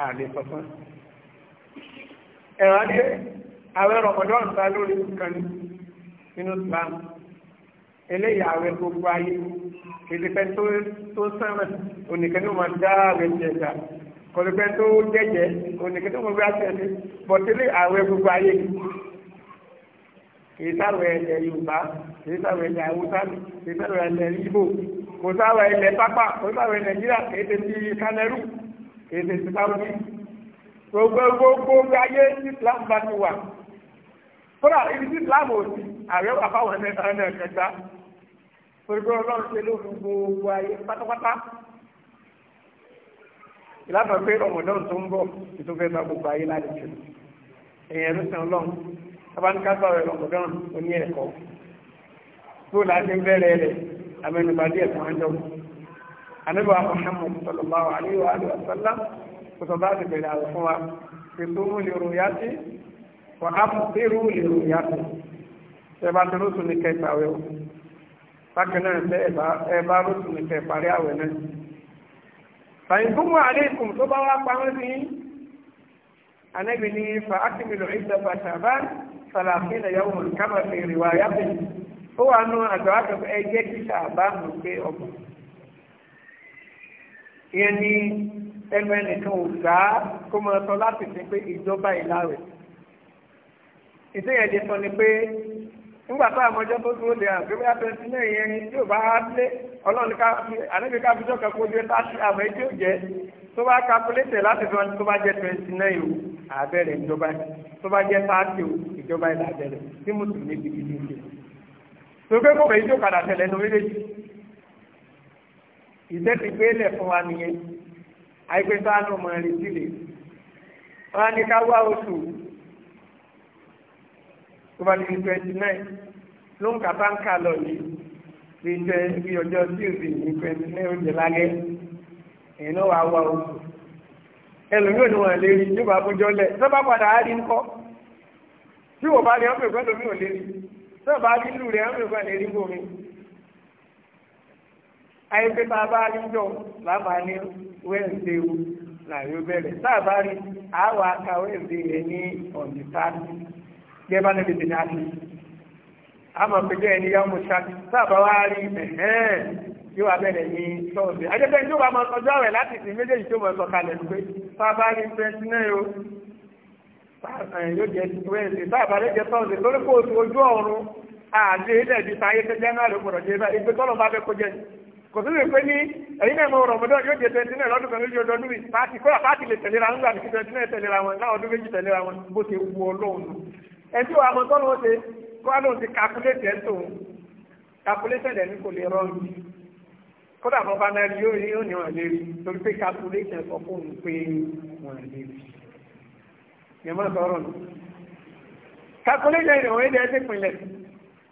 àlè sọ̀tàn ẹ̀rọ adé àwọn ẹ̀rọ ọ̀dọ́ àǹfà lórí kan ní nínú islam eléyìí ààrẹ gbogbo ayé kìdìpẹ́ tó sẹ́rìn onìkan ní wọn dá ààrẹ jẹjà kọ̀dìpẹ́ tó jẹ́jẹ́ onìkan ní wọn bí àtẹ̀lé bọ̀tẹ́lẹ̀ ààrẹ gbogbo ayé kìí sáwẹ̀ ilẹ̀ yorùbá kìí sáwẹ̀ ilẹ̀ haúsá kìí sáwẹ̀ ilẹ̀ ibo kò sáwẹ̀ ilẹ̀ pápá kò sáwẹ̀ nàìjíríà kìí ṣe ti kanẹ́rù kìí ti sáwẹ̀ gbogbo gbogbo ayé islam bá ti wà kódà ibi tí islam ò sí ààrẹ wà fáwọn ẹ̀mẹ́ta náà kẹta torí ọlọ́run ṣe ló fún gbogbo ayé pátápátá ìlànà pé ọmọdún tó ń bọ̀ ìtúfẹ́ náà gbogbo ayé lálejò èèyàn ló sàn ọlọ́run abánikásá rẹ̀ ọmọdún oní ẹ̀kọ́ tó láti bẹ̀rẹ̀ rẹ̀ amẹnubá díẹ̀ fún ẹjọ́ anábì wa Muhammad sallallahu alaihi wa sallam kò sọ bá ti bẹ̀rẹ̀ àwọn fún wa fi wà á mú pérú ìlú ìyàtọ̀ ṣe bá ti rúṣù ní kẹta wẹ o bákan náà ṣe ẹ bá rúṣù ní kẹ parí àwẹ̀ náà fàyìnbùmọ̀ àlékún tó bá wá pamọ́ sí anábì ní fa akímìlò ìjọba ṣàbá sàlàfin ìyàwó olùkámà fi rìwà yàtọ̀ ó wà nù àjọ àjọpọ̀ ẹ jẹ́ kí mú pé ọ̀pọ̀ ìyẹn ní ẹnu ẹnìkan ò gbà á kó mọ ọtọ láti fi pé ìjọba ìlà rẹ̀ ìtẹ́yẹ̀ lè sọ ni pé nígbà tó àwọn ọjọ́ tó dúró de àgbébẹ́ abẹ́sí náà yẹn ni tí ò bá lé ọlọ́run ká fi àlejò ká fi jọ́ kan kó dé láti àmọ́ ètò ìjẹ́ tó bá kápúlétẹ̀ láti fi wọn tó bá jẹ́ twenty nine o àbẹ̀rẹ̀ ìjọba tó bá jẹ́ thirty o ìjọba ìlà àbẹ̀rẹ̀ tí mùsùlùmí gidi ní ìṣe. tó gbé kó bẹ̀yìn tó kàdà tẹ̀lé nu méjèèjì ìṣẹ́ ti gbé lẹ̀ fún wa nìyẹn àìpé sáà tó bá di twenty nine ló ń kàtá ń kà lọ yìí bí tẹ bí ọjọ́ tuesday ní twenty nine ó jẹ lálẹ́ èyí náà wàá wá oṣù ẹlòmíràn ni wọn lè rí yóò bá bójọ lẹ tó bá padà á rí ńkọ́ tí wò bá rí ọmọ ìgbẹ́ lómi ò lè rí tó bá rí lù rẹ ọmọ ìgbẹ́ lè rí bómi ayé pé tá a bá rí jọ lábà ní wẹ́ǹdé o làwọn bẹ̀rẹ̀ tá a bá rí àwọn akáwé ìdíyẹ ní ọ̀nìtàdì gẹ́bá níbi tí ní àti àmọ̀ pẹ̀lú ẹni yá mú ṣáàtì sáàbà wá rí ẹ̀hẹ́n yóò abẹ́rẹ̀ ní sọ́ọ̀bì ajẹ́pẹ́ tó bá mọ ọjọ́ rẹ̀ láti sí méjèèjì tó mọ̀ sọ kalẹ̀ pé sáàbà rí twenty nine o yóò jẹ twenty sáàbà rẹ̀ jẹ sọ́ọ̀bì torí kó oṣù ojú ọ̀run àti ilẹ̀ ju sáyé tó jẹ́ náà ló gbọ́dọ̀ jẹ bá ìgbé tọ́lọ̀ bá fẹ́ kó jẹ kò sí pé ní ẹ̀yin náà mo rọ̀mọdọ́ yóò jẹ twenty nine lọ́dún kan lójú ọdọọdún yìí pàtì kó ẹtí wàá mọ tọ́lọ́ ó ṣe kọ́ádùn ti kàkúlétì ẹ̀ tó kàkúlétì ẹ̀ ní kò lè rọrùn kódà bọ́ bá náà rí yóò rí yóò ní wọn lérí torí pé kàkúlétì ẹ̀ sọ fóun pé wọn lérí yẹn má sọ̀rọ̀ nù kàkúlétì ẹ̀ ìrìnwó ẹ̀dẹ̀ ẹ̀dẹ̀ pinlẹ̀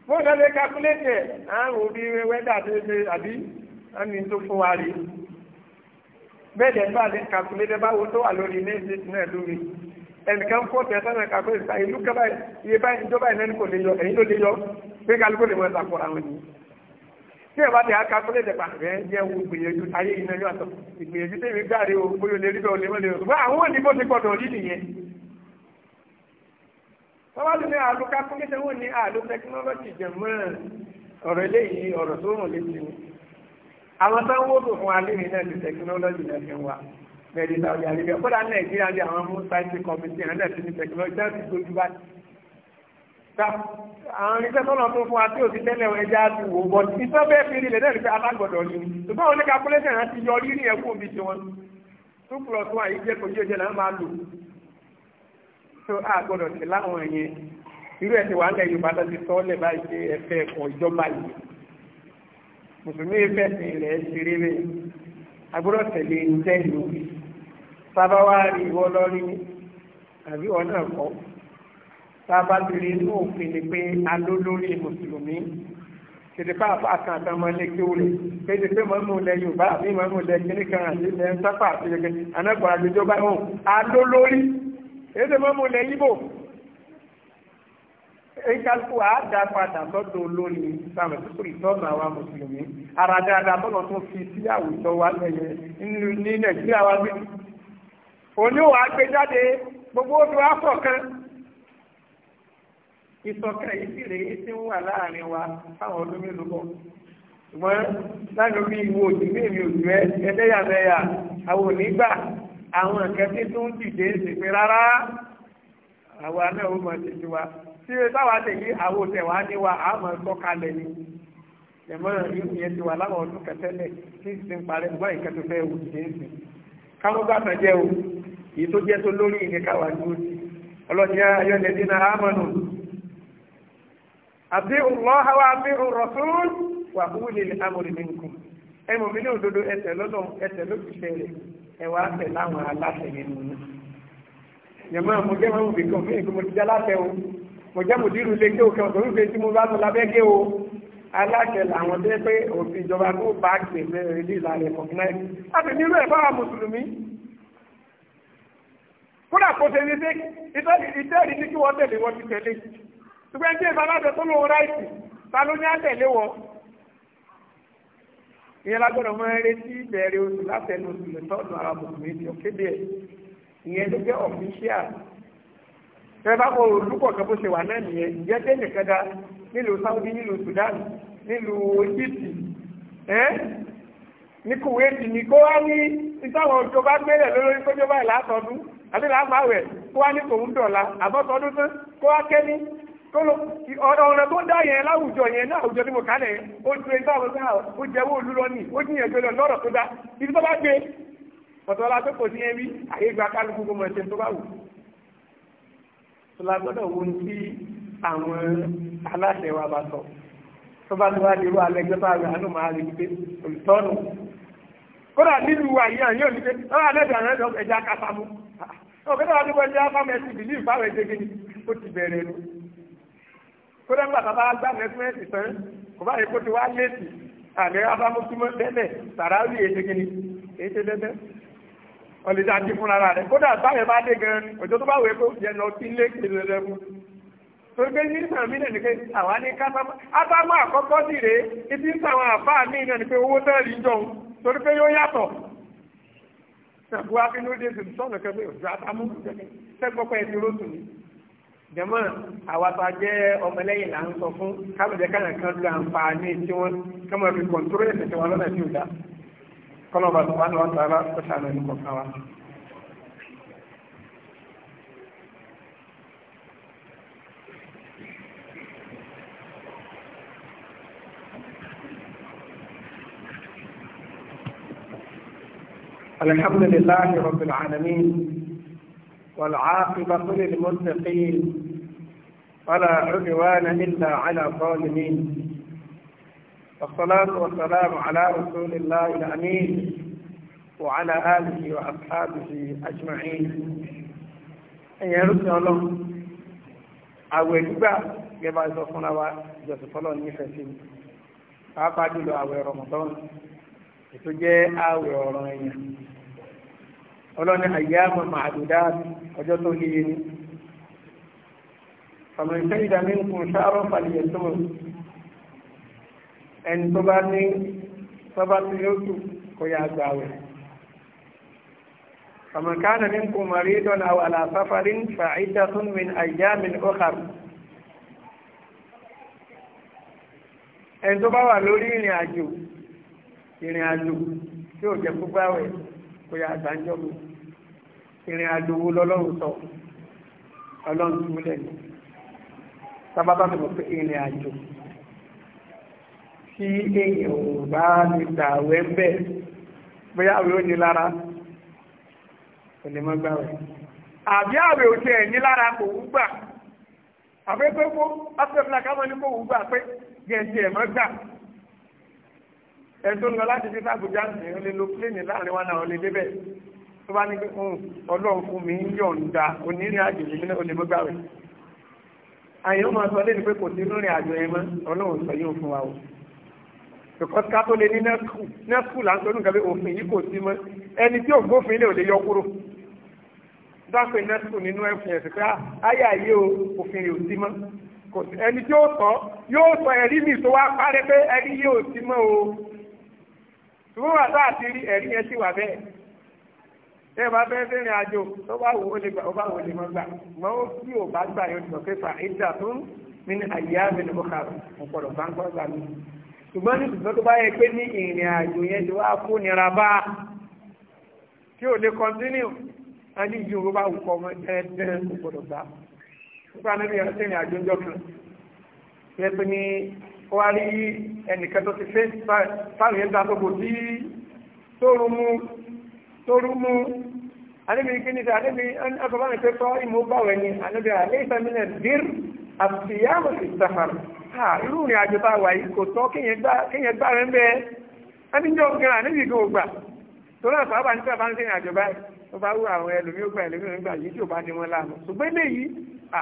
bó ṣe lè kàkúlétì ẹ̀ àwọn òbí wẹ́dà tó ṣe àbí wọn ni tó fún wa rí bẹ́ẹ̀ dẹ̀ bá lè kàkúlétì báwo tó wà lórí ní ẹnìkan fọ́ tẹ̀ sọ́nà kakó ìta ìlú kẹba iye báyìí ìjọba ẹ̀ lẹ́nu kò lè yọ ẹ̀yin ló lè yọ pé kálukó lè mọ ẹ̀ta kọ́ra wọn yìí. tí ẹ bá tẹ̀ aka kó lè dẹ̀pà rẹ̀ jẹ́ wo gbìyànjú ayé iná yóò àtọ̀ ìgbìyànjú tẹ̀mí gbáre o bóyá olè ríbẹ̀ olè mọ́lẹ̀ o àwọn òní bó ti gbọdọ̀ rí nìyẹn. sábàlú ní àlù kákúndé wọn ní àlù tẹkinọ́lọ́jì jẹ̀mọ́ ọ̀rọ̀ eléyìí ọ̀rọ̀ tó rùn létí ni àwọn sáwọn wọ́pọ̀ fún alẹ́ mi náà ní tẹkinọ́lọ́jì náà fi ń wà mẹ́rin Saudi Arabia kódà Nàìjíríà ní àwọn mú sáìtì kọmitì ẹ̀rẹ́dẹ̀ tí ní tẹkinọ́lọ́jì láti gbójú bá ti. àwọn irinṣẹ́ tọ́lọ̀ tó fún wa tí ò sí tẹ́lẹ̀ ẹja ti wò bọ́ iṣẹ́ bẹ́ẹ̀ fi rí lẹ́dẹ̀ẹ́rì pé alágbọ̀dọ̀ ni ṣùgbọ́n òní calculation àti yọ rírì ẹ̀kú omi ti wọn two plus one yìí jẹ́ kojú ẹ̀jẹ̀ náà máa lò so a gbọ́dọ̀ sí láwọn ẹ̀yẹn irú ẹ̀sìn wà ń lẹ̀ Yorùbá tó ti sọ ọ́ lẹ̀ báyìí pé ẹ̀fẹ́ ẹ̀kọ́ ìjọba yìí mùsùlùmí fẹ̀sìn rẹ̀ ṣeré rẹ̀ agbọ́dọ̀ tẹ̀lé ń tẹ́lẹ̀ sábà wá rí ìwọ lọ́rí àbí ìwọ náà kọ́ sábà bèrè inú òfin ni pé a ló lórí mùsùlùmí kìdí pa àpá kan àtàn máa lé kí ó lè kéde pé máa ń mú ilẹ̀ Yorùbá àbí máa ń mú ilẹ̀ kíní kan àti ilẹ̀ ń sápà àti ilẹ̀ kíní anágbọ̀n bá wọn a ló lórí èdè máa mú ilẹ̀ Yíbò ìkálukú àádá padà lọ́dọ̀ sáwọn ìsúkúrì tọ́nà àwa mùsùlùmí ara dáadáa tó fi sí àwùjọ wa lẹ́yìn ní Nàìjíríà wa gbé onye ò jáde gbogbo ó fi wá sọ̀kan ìsọ̀kan yìí isi ń wà láàrin wa fáwọn ọdún mélòó bọ̀ ṣùgbọ́n láàrin omi ìwò òjì òjì rẹ àwọn onígbà àwọn tó ń dìde ń sèpè rárá àwa náà ó títí wa tí àwọn òtẹ̀ ní wa ni ẹ̀mọ́ ti wà láwọn ọdún kẹtẹ́lẹ̀ tí ìgbà ìkẹtùfẹ́ òjì ń sìn jẹ́ o. èyí tó jẹ́ tó lórí ní káwà dúró sí ọlọ́ni ayọ́lẹ̀ dín náà ámọ́nù àbí Allah wa àbí Rasul wà kú lè lè amòrì minkum ẹ mọ̀ mí ní òdodo ẹsẹ̀ lọ́nà ẹsẹ̀ ló fi ṣẹlẹ̀ ẹ wá tẹ̀ láwọn aláṣẹ nínú yàmọ́ mo jẹ́ mọ́ bìkan fún èkó mo ti jẹ́ aláṣẹ o mo làwọn tẹ́ pé òfin ìjọba tó bá gbèsè rìlí ìlànà ìfọ̀kúnnáì kódà kó ṣe ní sí ìtẹ́ẹ̀rí tí kí wọ́n tẹ̀lé wọ́n ti tẹ̀lé ṣùgbọ́n ẹni tí ìbá láti tó lóun ráìtì ta ló ní àtẹ̀lé wọ. ìyẹn lágbọ́dọ̀ mọ eré tí ìbẹ̀rẹ̀ oṣù látẹnu ìlẹ̀ tọ́ọ̀nù ara mùsùlùmí ti ọ̀kéde ẹ̀ ìyẹn ló jẹ́ ọ̀fíṣíàl fẹ́ bá kọ olùkọ̀ kan bó ṣe wà náà nìyẹn ìyẹn tẹ́ nìkan nílùú Saudi nílùú Sudan nílùú Egypt ẹ́ ní Kuwait ní kó wá ní ìtàwọn òjò bá gbélé lórí kójó báyìí látọdún àbí làámà wẹ̀ kó wá ní tòun dọ̀la àbọ̀tọ́dún tán kó wá kẹ́ni ọ̀nà tó dá yẹn láwùjọ yẹn náà àwùjọ tí mo kálẹ̀ ó ju ẹni báwọn sáà ah, ó jẹ́wọ́ olúlọ ní ó ní ẹ̀jọ́ lọ́rọ̀ tó dá ibi tó bá gbé ọ̀tọ̀ la tó kò ní ẹrí àyè gba kálukú kó mọ ẹsẹ̀ tó bá wù. tó la gbọ́dọ̀ wo sí àwọn aláṣẹ wa bá sọ tó bá tó wá di irú alẹ́ gbé bá rẹ̀ àánú máa rí i pé olùtọ́nù kódà nílùú àyíyá yóò ní pé ọ̀rọ̀ àlẹ́dà rẹ̀ lọ ẹja kásámú ọ̀gẹ́dà wọn ní wọ́n jẹ́ afámẹ́sì bìlí ìfáwẹ̀ ṣẹ́gi ni ó ti bẹ̀rẹ̀ nu kódà nígbà bàbá gbà mẹ́sìmẹ́sì tán kò bá yẹ kó ti wá léèsì àmì afámúsúmọ́ dẹ́lẹ̀ sàráwì èṣẹ́gi ni èṣe dẹ́dẹ́ ọ̀lẹ́dà ti fún ara rẹ̀ kódà báyẹ̀ bá dé gan ọjọ́ tó bá wẹ̀ kó yẹ lọ sí ilé kìlẹ̀ torí pé nígbà mílẹ̀ ni pé àwa ní kásámú ábámú àkọ́kọ́ sì rèé ibi ń sàwọn àbá mi náà ni pé owó náà rí jọun torí pé yóò yàtọ̀ ṣàbú akínúdé ti sọ̀nà kẹfẹ́ òṣù àtàmú sẹ́gbọ́pẹ́ ẹ̀sìn rótù ni jẹ́mọ́ àwàtà jẹ́ ọmọlẹ́yìn là ń sọ fún kábẹ̀jẹ́ kánà kan lu àǹfààní tí wọ́n kọ́mọ fi kọ̀ntúrò ẹ̀sẹ̀ tí wọ́n lọ́nà tí ò dá kọ́nà bàtà wà ní wọ́n tààrà ó ṣàmì ẹ̀mí الحمد لله رب العالمين والعاقبة للمتقين ولا عدوان إلا على الظالمين والصلاة والسلام على رسول الله الأمين وعلى آله وأصحابه أجمعين ẹ̀yẹ̀ rúfin الله àwẹ̀ gbígbà gẹ́gbà sọ fúnra wa ìjọsìn fọlọ́ nífẹ̀ẹ́ sí i pàápàá jùlọ ọlọ́ni àyàmà màdùdá ọjọ́ tó níye ní ọmọ ìfẹ́ ìdámí nǹkan ṣáárọ̀ fàlìyẹ tó mọ̀ ẹni tó bá ní sábà tí yóò tù kó yá gbà wẹ̀ ọmọ kánà ní nǹkan mọ̀rí dọ́nà àwọn àlàáfáfarin fàáìdá tó min ọkàr ẹni tó bá wà lórí ìrìn àjò ìrìn àjò tí ò jẹ́ púpọ̀ àwẹ̀ bóyá àgbájọ́ mi ìrìn àjò wo lọ́lọ́run sọ ọlọ́run tó lẹ́nu sábàbá mi mọ̀ pé ìrìn àjò tí èèyàn ò bá lè gbàwẹ́ bẹ́ẹ̀ bóyá àwẹ̀ ó ní lára kò lè mọ́ gbàwẹ̀ àbí àwẹ̀ ò tiẹ̀ ní lára kò wú gbà àbẹ́pẹ́ kó afẹ́fẹ́ làkàmọ́ ní kò wú gbà pé jẹ́ ti ẹ̀ mọ́ gbà ẹni tó ń lọ láti fi sábùjá sí ó lè lo pléènì láàrin wọn náà ó lè débẹ̀ tó bá ní pé ọlọ́run fún mi ń yọ̀ǹda onírìn àjò lèmi náà ó lè mọ́ gbàwẹ̀ àyẹ̀wò máa sọ lẹ́nu pé kò sí rírìn àjò yẹn mọ́ ọlọ́run sọ yóò fún wa o because ká tó lè ní nẹ́sùkù là ń sọ nǹkan bí òfin yìí kò sí mọ́ ẹni tí ògbófin lè ò lè yọ kúrò dápẹ́ nẹ́sùkù nínú ẹ̀fìn ẹ̀sìn pé ayé ayé òfin rẹ̀ sí mọ́ ẹni tí ó sọ yóò sọ ẹ̀rí mi tó wá parẹ́ pé ẹni yìí sí mọ́ o ṣùgbọ́n wà sáà ti rí ẹ̀rí yẹn sì wà bẹ́ẹ̀ tẹ́ ẹ bá fẹ́ rìnrìn àjò tó bá wò ó lè gbà ó bá wò lè mọ́ gbà mọ́ ó bí ò bá gbà yóò dùn pé fà ìdá tó ń mi ní àyè àmì ní ọkà mo gbọdọ̀ bá ń gbọ́ gbà mí. ṣùgbọ́n ní ṣùgbọ́n tó bá yẹ pé ní ìrìn àjò yẹn ti wá kó nira bá a tí ò lè kọ́ntínú a ní ìjì òun bá wù kọ́ ọmọ ẹ̀ẹ́dẹ́ ó wá rí ẹnìkan tó ti fẹ́ sáré ẹ̀dá gbogbo tí tóru mú tóru mú alẹ́mi kí ni sẹ́ alẹ́mi asọ́bá mi pé sọ ìmú báwẹ̀ ni alẹ́mi alẹ́ ìsàmìlẹ̀ dír àtìyáwó sì ha irú rìn àjò bá wà yìí kò tọ́ kéèyàn gbá rẹ̀ ń bẹ́ẹ̀ ẹni jọ gẹ̀rẹ̀ níbi ìgbò gbà tó náà sọ́ọ́bà ní sábà ń sẹ́yìn àjò báyìí ó bá wú àwọn ẹlòmí ó gbà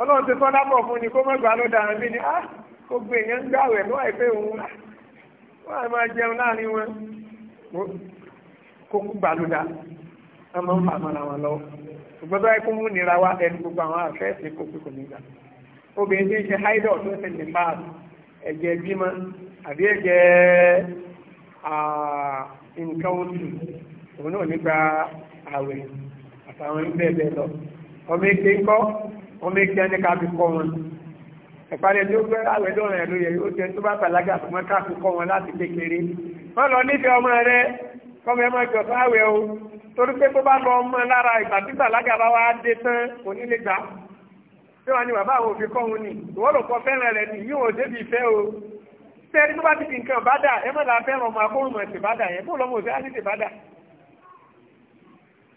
ọlọ́run ti kọ́ dábọ̀ fún ni kó mẹ́gbàá ló dára bí ni ah kó gbé èèyàn ń gbàwẹ̀ ní àìpé òun ah, wọ́n á jẹun láàrin wọn nira wá ẹni gbogbo àwọn kó pé kò ní gbà obìnrin tí ń ṣe haidọ̀ tó ṣe ẹ̀jẹ̀ bímọ àbí ẹ̀jẹ̀ nǹkan oṣù òun ó mé kí ẹni ká fi kọ́ wọn ẹ̀pàdé tí ó gbé àwẹ̀ dọ̀rọ̀ ẹ̀ ló yẹ ó jẹ tó bá bàlágà fún ká fi kọ́ wọn láti kékeré wọ́n lọ nífẹ̀ẹ́ ọmọ rẹ kọ́mọ ẹ má jọ sáwẹ̀ o torí pé tó bá lọ ọmọ lára ìgbà tí bàlágà bá wá dé tán kò ní lè gbà tí wọ́n ní bàbá àwọn òfin kọ́ wọn ni ìwọ́n lò kọ́ fẹ́ràn rẹ ni yíwọ̀n débi ìfẹ́ o tẹ́ẹ̀rí tó bá ti fi nǹkan bá dà ẹ má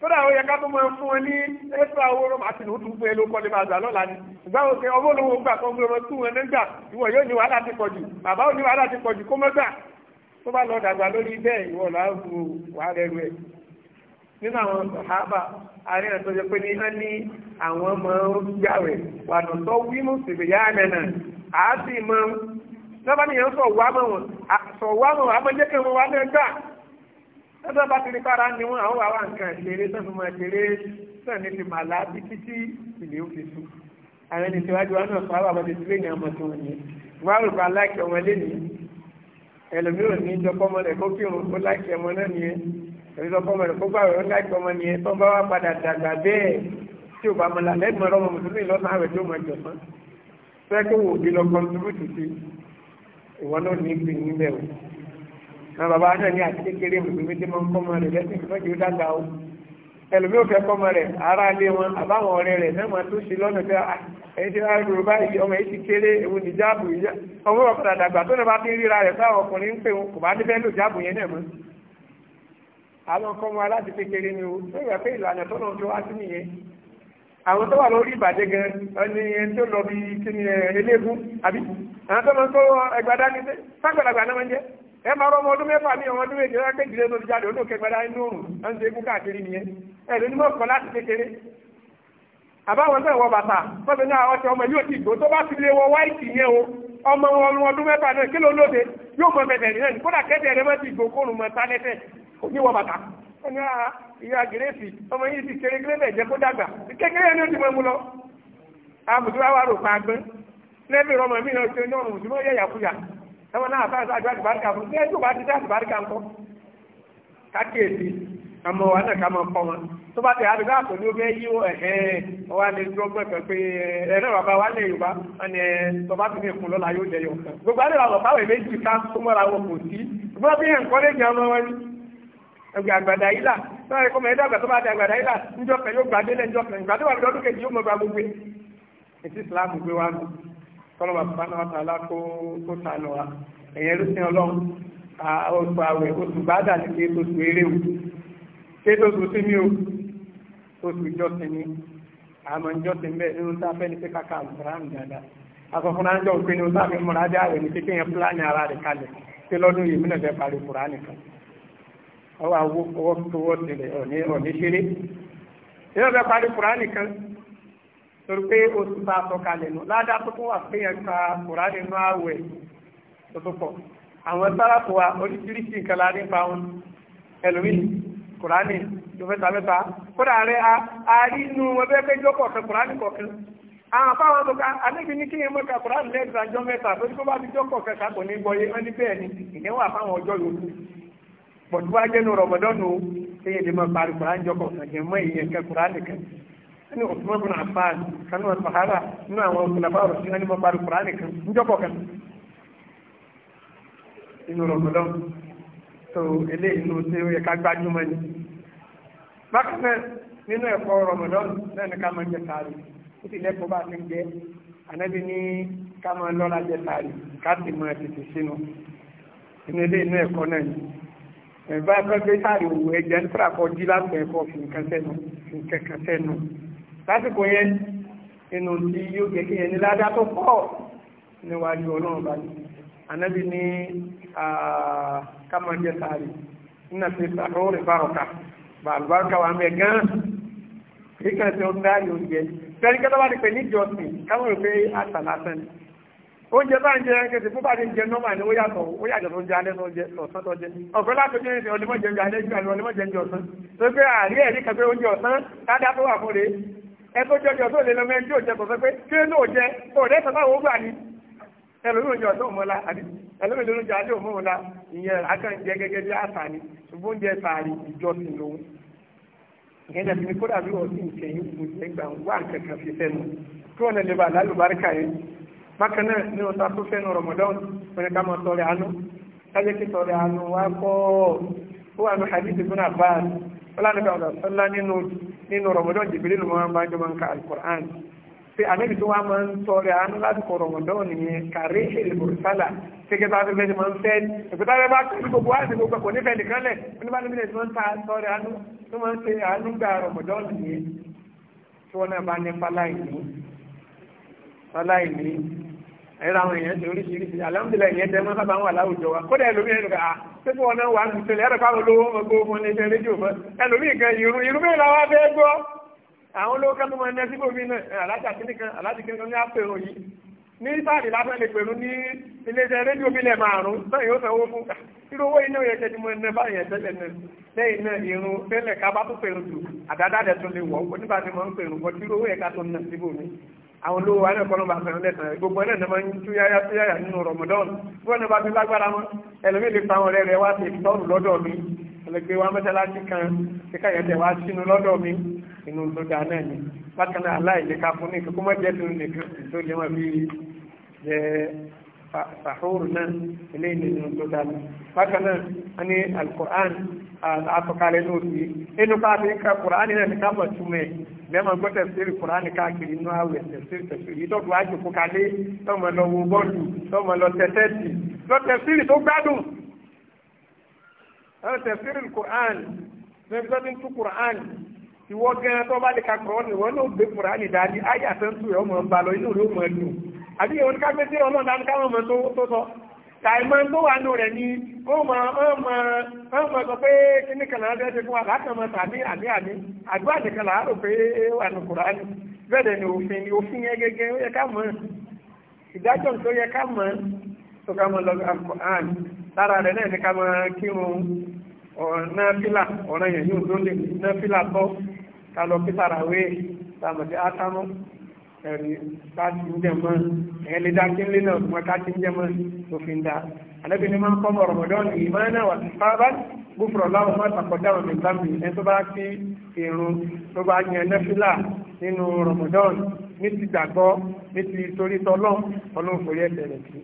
kódà ó yẹ ká tó máa fún ọ ní ẹ̀fọ́ awóró àti ìlú tún fún ẹ ló kọ́ ní máa gbà lọ́la ni ìgbà òkè ọmọ olówó gbà kan gbé ọmọ tún wọn nígbà ìwọ yóò ní wàhálà ti pọ̀jù bàbá ò ní wàhálà ti pọ̀jù kó mọ́gbà tó bá lọ dàgbà lórí bẹ́ẹ̀ ìwọ làáfù wàhálà ẹrù ẹ̀ nínú àwọn sàhábà àárín àti ọjọ́ pé ní wọ́n ní àwọn ọmọ gbàwẹ̀ wàdùn tó wímú síbi yá nẹ̀nà àá sì mọ lọ́bàá nìyẹn sọ̀ wá mọ̀ wọn sọ̀ wá mọ̀ wọn àmọ́ jẹ́ kí wọ́n wá náà gbà lọ́dọ̀ bá ti rí para ni wọ́n àwọn àwọn nǹkan ìṣeré sọ́nù máa ṣeré sọ́nù ti mà láti títí ìlé ó fi sùn àwọn ẹni tíwájú wa náà fáwọn àbọ̀dé tí lẹ́yìn ọmọ tó wọ̀nyí wọ́n á rò pa láìkí ọmọ lẹ́nìí ẹlòmíràn ní ìjọpọ̀mọ rẹ̀ kó kírun ó láìkí ọmọ náà nìyẹn ìjọpọ̀mọ rẹ̀ kó gbàwé ó láìkí ọmọ nìyẹn tó ń bá wá padà dàgbà bẹ́ẹ̀ tí ò bá mọ là na bàbá náà ní àti kékeré mùsùlùmí tí máa ń kọ́mọ rẹ̀ lẹ́sìn ìfẹ́ jù dàgbà o ẹlòmí ò fẹ́ kọ́mọ rẹ̀ ara lé wọn àbáwọn ọ̀rẹ́ rẹ̀ náà máa tó ṣe lọ́nà pé ah, ẹni tí wọ́n rò báyìí ọmọ yìí ti kéré ewu ní jáàbù yìí ọmọ rẹ̀ padà dàgbà tó náà bá fi ríra rẹ̀ sáwọn ọkùnrin ń pè wọn kò bá nífẹ̀ẹ́ lò jáàbù yẹn náà mọ́ àwọn kan wọn aláti kékeré ni o tó yẹ pé ìlànà tó náà fi wá sí nìyẹn àwọn tó wà lórí ìbàdí gan ẹni ẹni tó lọ bí kíni ẹlẹ́gùn àbí àwọn tó lọ tó ẹgbàá dání sí ẹ máa rọmọ ọdún mẹ́fà ní ọmọ ọdún méje ọdún kéjìlẹ̀ lórí jáde olóò kẹgbẹ́dá inú òrùn ń ṣe ikú káàkiri nìyẹn ẹ̀rọ ní mọ̀kàn láti kékeré àbáwọn náà wọ bàtà tọ́sí ní àwọn ọtí ọmọ yóò ti gbó tó bá ti lé wọ wáìtì yẹn o ọmọ ọmọ ọdún mẹ́fà náà kí ló lóde yóò mọ bẹ̀bẹ̀ nìyẹn kódà kẹ́tẹ̀ rẹ mọ́ ti gbó kórùn mọ́ tálẹ́tẹ̀ kò ní wọ bàtà ah, ni ó ti mọ mu lọ àmùtúwáwá rò pa gbẹ́ lẹ́bí rọmọ mi náà ṣe ní ẹwọn náà àfáà sọ àjọ àdìbáríkà fún bí ẹjọ́ bá ti dá àdìbáríkà ń kọ́ kákèèdì àmọ́ wa náà ká máa kọ́ wọn tó bá ti àdúgbò àpò ní omi ẹyí ọwọ́ alẹ́ gbọ́gbọ́n kan pé ẹ̀rọ bàbá wa lè yorùbá wọn ẹ tó bá ti ní ìkùn lọ́la yóò jẹyọ kan gbogbo àdúgbò àwọn báwọn méjì ká tó mọ́ra wọn kò sí gbọ́dọ̀ bí yẹn kọ́lé jẹ ọmọ wọn ẹgbẹ́ àgbàdà yìí là tó bá yẹ kó mọ ẹdá àgbà tó bá di àgbàdà yìí là ńjọ́ kan yóò gbàdé lẹ́ ìgbàdé wà lọ́dún kejì yóò mọ tọ́lọ́wà subhanahu wa ta'ala kó sànù wa ẹ̀yẹ ló sin ọlọ́run oṣù àwẹ̀ oṣù bàdà ní kí oṣù eré o kí oṣù sinmi o oṣù ìjọsìn ni àmọ́ ìjọsìn bẹ́ẹ̀ nínú tá a fẹ́ ni pé kàkà àlùkùránì dáadáa afọ́fún náà ń jọ òpin ní oṣù àfi múra dé àwẹ̀ ní kékeré yẹn fúlàní ara rẹ̀ kalẹ̀ pé lọ́dún yìí múnà fẹ́ parí kùránì kan ọwọ́ àwọ̀ ọwọ́ tó wọ́ torí pé oṣù tá a sọ kalẹ̀ nù ládàá tó tún wà péyàn ka kùránì nù àwẹ̀ tó tó pọ̀ àwọn sáráàpù wa oríṣiríṣi nǹkan la nípa wọn ẹlòmíì kùránì tó fẹ́ ta mẹ́ta kódà rẹ a rí inú ẹgbẹ́ péjọ kọ̀ọ̀kan kùránì kọ̀ọ̀kan àwọn afáwọn tó ká alẹ́bí ní kí yẹn mọ́ka kùránì lẹ́gbẹ̀ẹ́ àjọ mẹ́ta tó kó bá fi jọ́ kọ̀ọ̀kan ká ni ìdẹ́wọ̀ àfáwọn ọjọ́ yòókù pọ̀tù bá jẹ́nu rọ̀mọdọ́nù ṣé yẹn lè mọ parí kùránì jọ kọ̀ọ̀kan jẹ́ mọ́ ní Usman bin Affan kanú ọ̀sọ̀hárà nínú àwọn òkùnlàfà ọ̀rọ̀ sí wọn ní mọ́pàá rúkúrá nìkan níjọ́pọ̀ kan inú rọ̀gbọ̀dọ́ tó ilé inú tí ó yẹ ká gbájúmọ́ ni bákan náà nínú ẹ̀kọ́ rọ̀gbọ̀dọ́ náà ní ká máa jẹ sàárì ó sì lẹ́kọ̀ọ́ bá ti ń jẹ ànábi ní ká máa lọ́ra jẹ sàárì ká sì máa tètè sínú inú ilé inú ẹ̀kọ́ náà ni ẹ̀bá ẹgbẹ́ sàárì òwò ẹ̀jẹ̀ ń tàkọ́ jí láti ẹ̀kọ́ fìǹkan sẹ́nu fìǹkan sẹ́nu lásìkò yẹn inú tí yóò jẹ́ kí yẹn ní ládá tó pọ̀ níwájú ọlọ́run bá ní anábì ní kámọ́jẹ́ sáré nínú àti ìsàkóòrè bárọ̀kà bàbárọ̀kà wà mẹ́ gan-an kí kan ṣe ń dá oúnjẹ tẹ́lí kẹ́tọ́ bá ti pè ní ìjọsìn káwọn rò pé àṣà lásán ni oúnjẹ bá ń jẹ kẹsì fún bá jẹ nọ́mà ni ó yàtọ̀ ó yàtọ̀ tó ń jẹ alẹ́ ọ̀sán tó jẹ ọ̀pẹ́ láti jẹ́ ìṣẹ́ ọlẹ́mọ̀jẹ́ ń jẹ alẹ́ ju àlọ́ ọlẹ́mọ̀jẹ́ ń jẹ ọ̀sán tó pé àárí ẹ̀rí kan pé oúnjẹ ọ̀sán ládá tó wà fún rèé ẹgbẹ́ jọjọ tó lè lọ́mọ ẹni tí ò jẹ kò sọ pé kí ló lóò jẹ ọ̀rẹ́ sọ́tà owó gbà ní ẹlòmíràn jọ tó mọ́lá àbí ẹlòmíràn ló jẹ àti òmò mọ́lá ìyẹn akànjẹ gẹ́gẹ́ bí àṣà ni ṣùgbọ́n oúnjẹ sàárì ìjọsìn lòun ìyẹn dàbí ní kódà bí ọtí ìkẹyìn kù jẹ gbà ń wá kankan fi fẹnu kí wọn lè ba lálùbáríkà yẹn bákan náà ní ọta tó fẹnu rọmọdán wọn ni ká máa tọrẹ àánú ká jẹ́ kí tọrẹ àánú wá kọ́ ó wà ní hadith ibùnà báyìí ọlọ́nàbí ọ̀dọ̀sọ́lá nínú rọmọdán jìbìrì ló máa ń bá jọmọ nǹkan alukur'an pé ànábì tó wá máa ń tọrẹ àánú lásìkò rọmọdán nìyẹn kàrí ìlúbùrùsálà gẹ́gẹ́ bá fẹ́ fẹ́ máa ń fẹ́ ìpẹ́tà bá kí gbogbo àti gbogbo kò nífẹ̀ẹ́ nìkan lẹ̀ oníbàdàn tó ń ta tọrẹ àánú tó máa ń ẹ̀rọ àwọn èèyàn ṣe oríṣiríṣi alhamdulillah ìyẹn tẹ́ mọ́ sábà ń wà láwùjọ wa kódà ẹlòmíì ẹ̀rọ kàá tó fún ọ̀nà wà ní tẹ̀lé ẹ̀rọ káwọn olówó ọmọ gbogbo ọmọ ilé iṣẹ́ rédíò mọ́ ẹlòmíì kan irun irun mẹ́rin làwọn afẹ́ gbọ́ àwọn olówó kan tó máa ń ẹ síbò mí náà alájà kìnìkan alájà kìnìkan ní àpèrò yìí ní sáàdì lásán lè pẹ̀lú ní ilé iṣẹ́ rédíò bílẹ̀ márùn-ún náà yóò sanwó fún irú owó iná yẹ kẹ́jú mọ́ ẹ̀nà báyẹn tẹ́lẹ̀ náà lẹ́yìn náà irun tẹ́lẹ̀ ká bá tún pẹ̀lú jù àdáadáa dẹ̀ tún lè wọ̀ oníbàdí mọ́ ń pẹ̀lú bọ́ tí irú owó yẹ ká tún náà síbò mi àwọn olówó wa náà kọ́ ló bá fẹ́ràn lẹ́sàn gbogbo ẹ̀ náà máa ń tú yáyá tú yáyà nínú rọmọdọ́n fún ọ̀nà bá fi lágbára mọ́ ẹlòmíì lè fa àwọn ọ̀rẹ́ rẹ wá sí ìtọ́rù lọ́dọ̀ mi ẹlẹgbẹ́ wa mẹ́tẹ́láṣí kan tí káyọ̀ tẹ̀ wá sínú lọ́dọ̀ mi inú ló dáa náà bákan náà aláìlẹ́ka fún ní ìkókó mọ́jẹ́ tó nìkan tó lè wọ́n fi jẹ́ sàhóòrù náà eléyìí nínú tó dára bákan náà a ní alukur'an àtọkalẹ̀ ní òsì inú ká fi ka kur'an náà ní ká mọ̀ túmọ̀ ẹ̀ lẹ́mọ̀ gbọ́ tẹ̀síìrì kur'an káàkiri inú àwẹ̀ tẹ̀síìrì tẹ̀síìrì ìtọ́jú àjò kókalé tọmọ lọ wo bọ́ọ̀lù tọmọ lọ tẹ̀tẹ̀tì lọ tẹ̀síìrì tó gbádùn lọ tẹ̀síìrì kur'an lọ́jọ́ ní kur'an ìwọ gan tó bá lè ka kur'an ìwọ náà gbé àbí ìwọ̀n ká gbé sí ọlọ́dà ní káwọn ọmọ tó sọ tàìmọ́ tó wà nù rẹ̀ ni ó mọ ọmọ sọ pé kíní kan láti ẹsẹ̀ fún wa láti mọ tàbí àmì àmì àdúrà nìkan là á rò pé wà nù Kùránì bẹ́ẹ̀ ni òfin ni òfin yẹn gẹ́gẹ́ ó yẹ ká mọ̀ ìdájọ́ tó yẹ ká mọ̀ tó ká mọ̀ lọ́gbà Kùránì lára rẹ̀ náà ní ká mọ̀ kírun ọ̀nà fílà ọ̀nà yẹn yóò tó ná fílà tọ́ ká lọ pítàràwé tàmọ̀dé átámọ́ ẹ̀rí láti ń jẹ mọ́ ẹ̀yẹn lè dá kí ń lé náà mọ́ ká ti ń jẹ mọ́ òfin dá àlẹ́bí ni máa ń kọ́mọ Ramadan ìmọ̀ náà wà sí fáábà gbófurọ̀ láwọn máa tàkọ̀dá òní bámi ẹni tó bá kí irun tó bá yan nẹ́fílà nínú Ramadan ní ti gbàgbọ́ ní ti torí tọ́lọ́ ọlọ́run kò yẹ ẹ̀sẹ̀ rẹ̀ sí.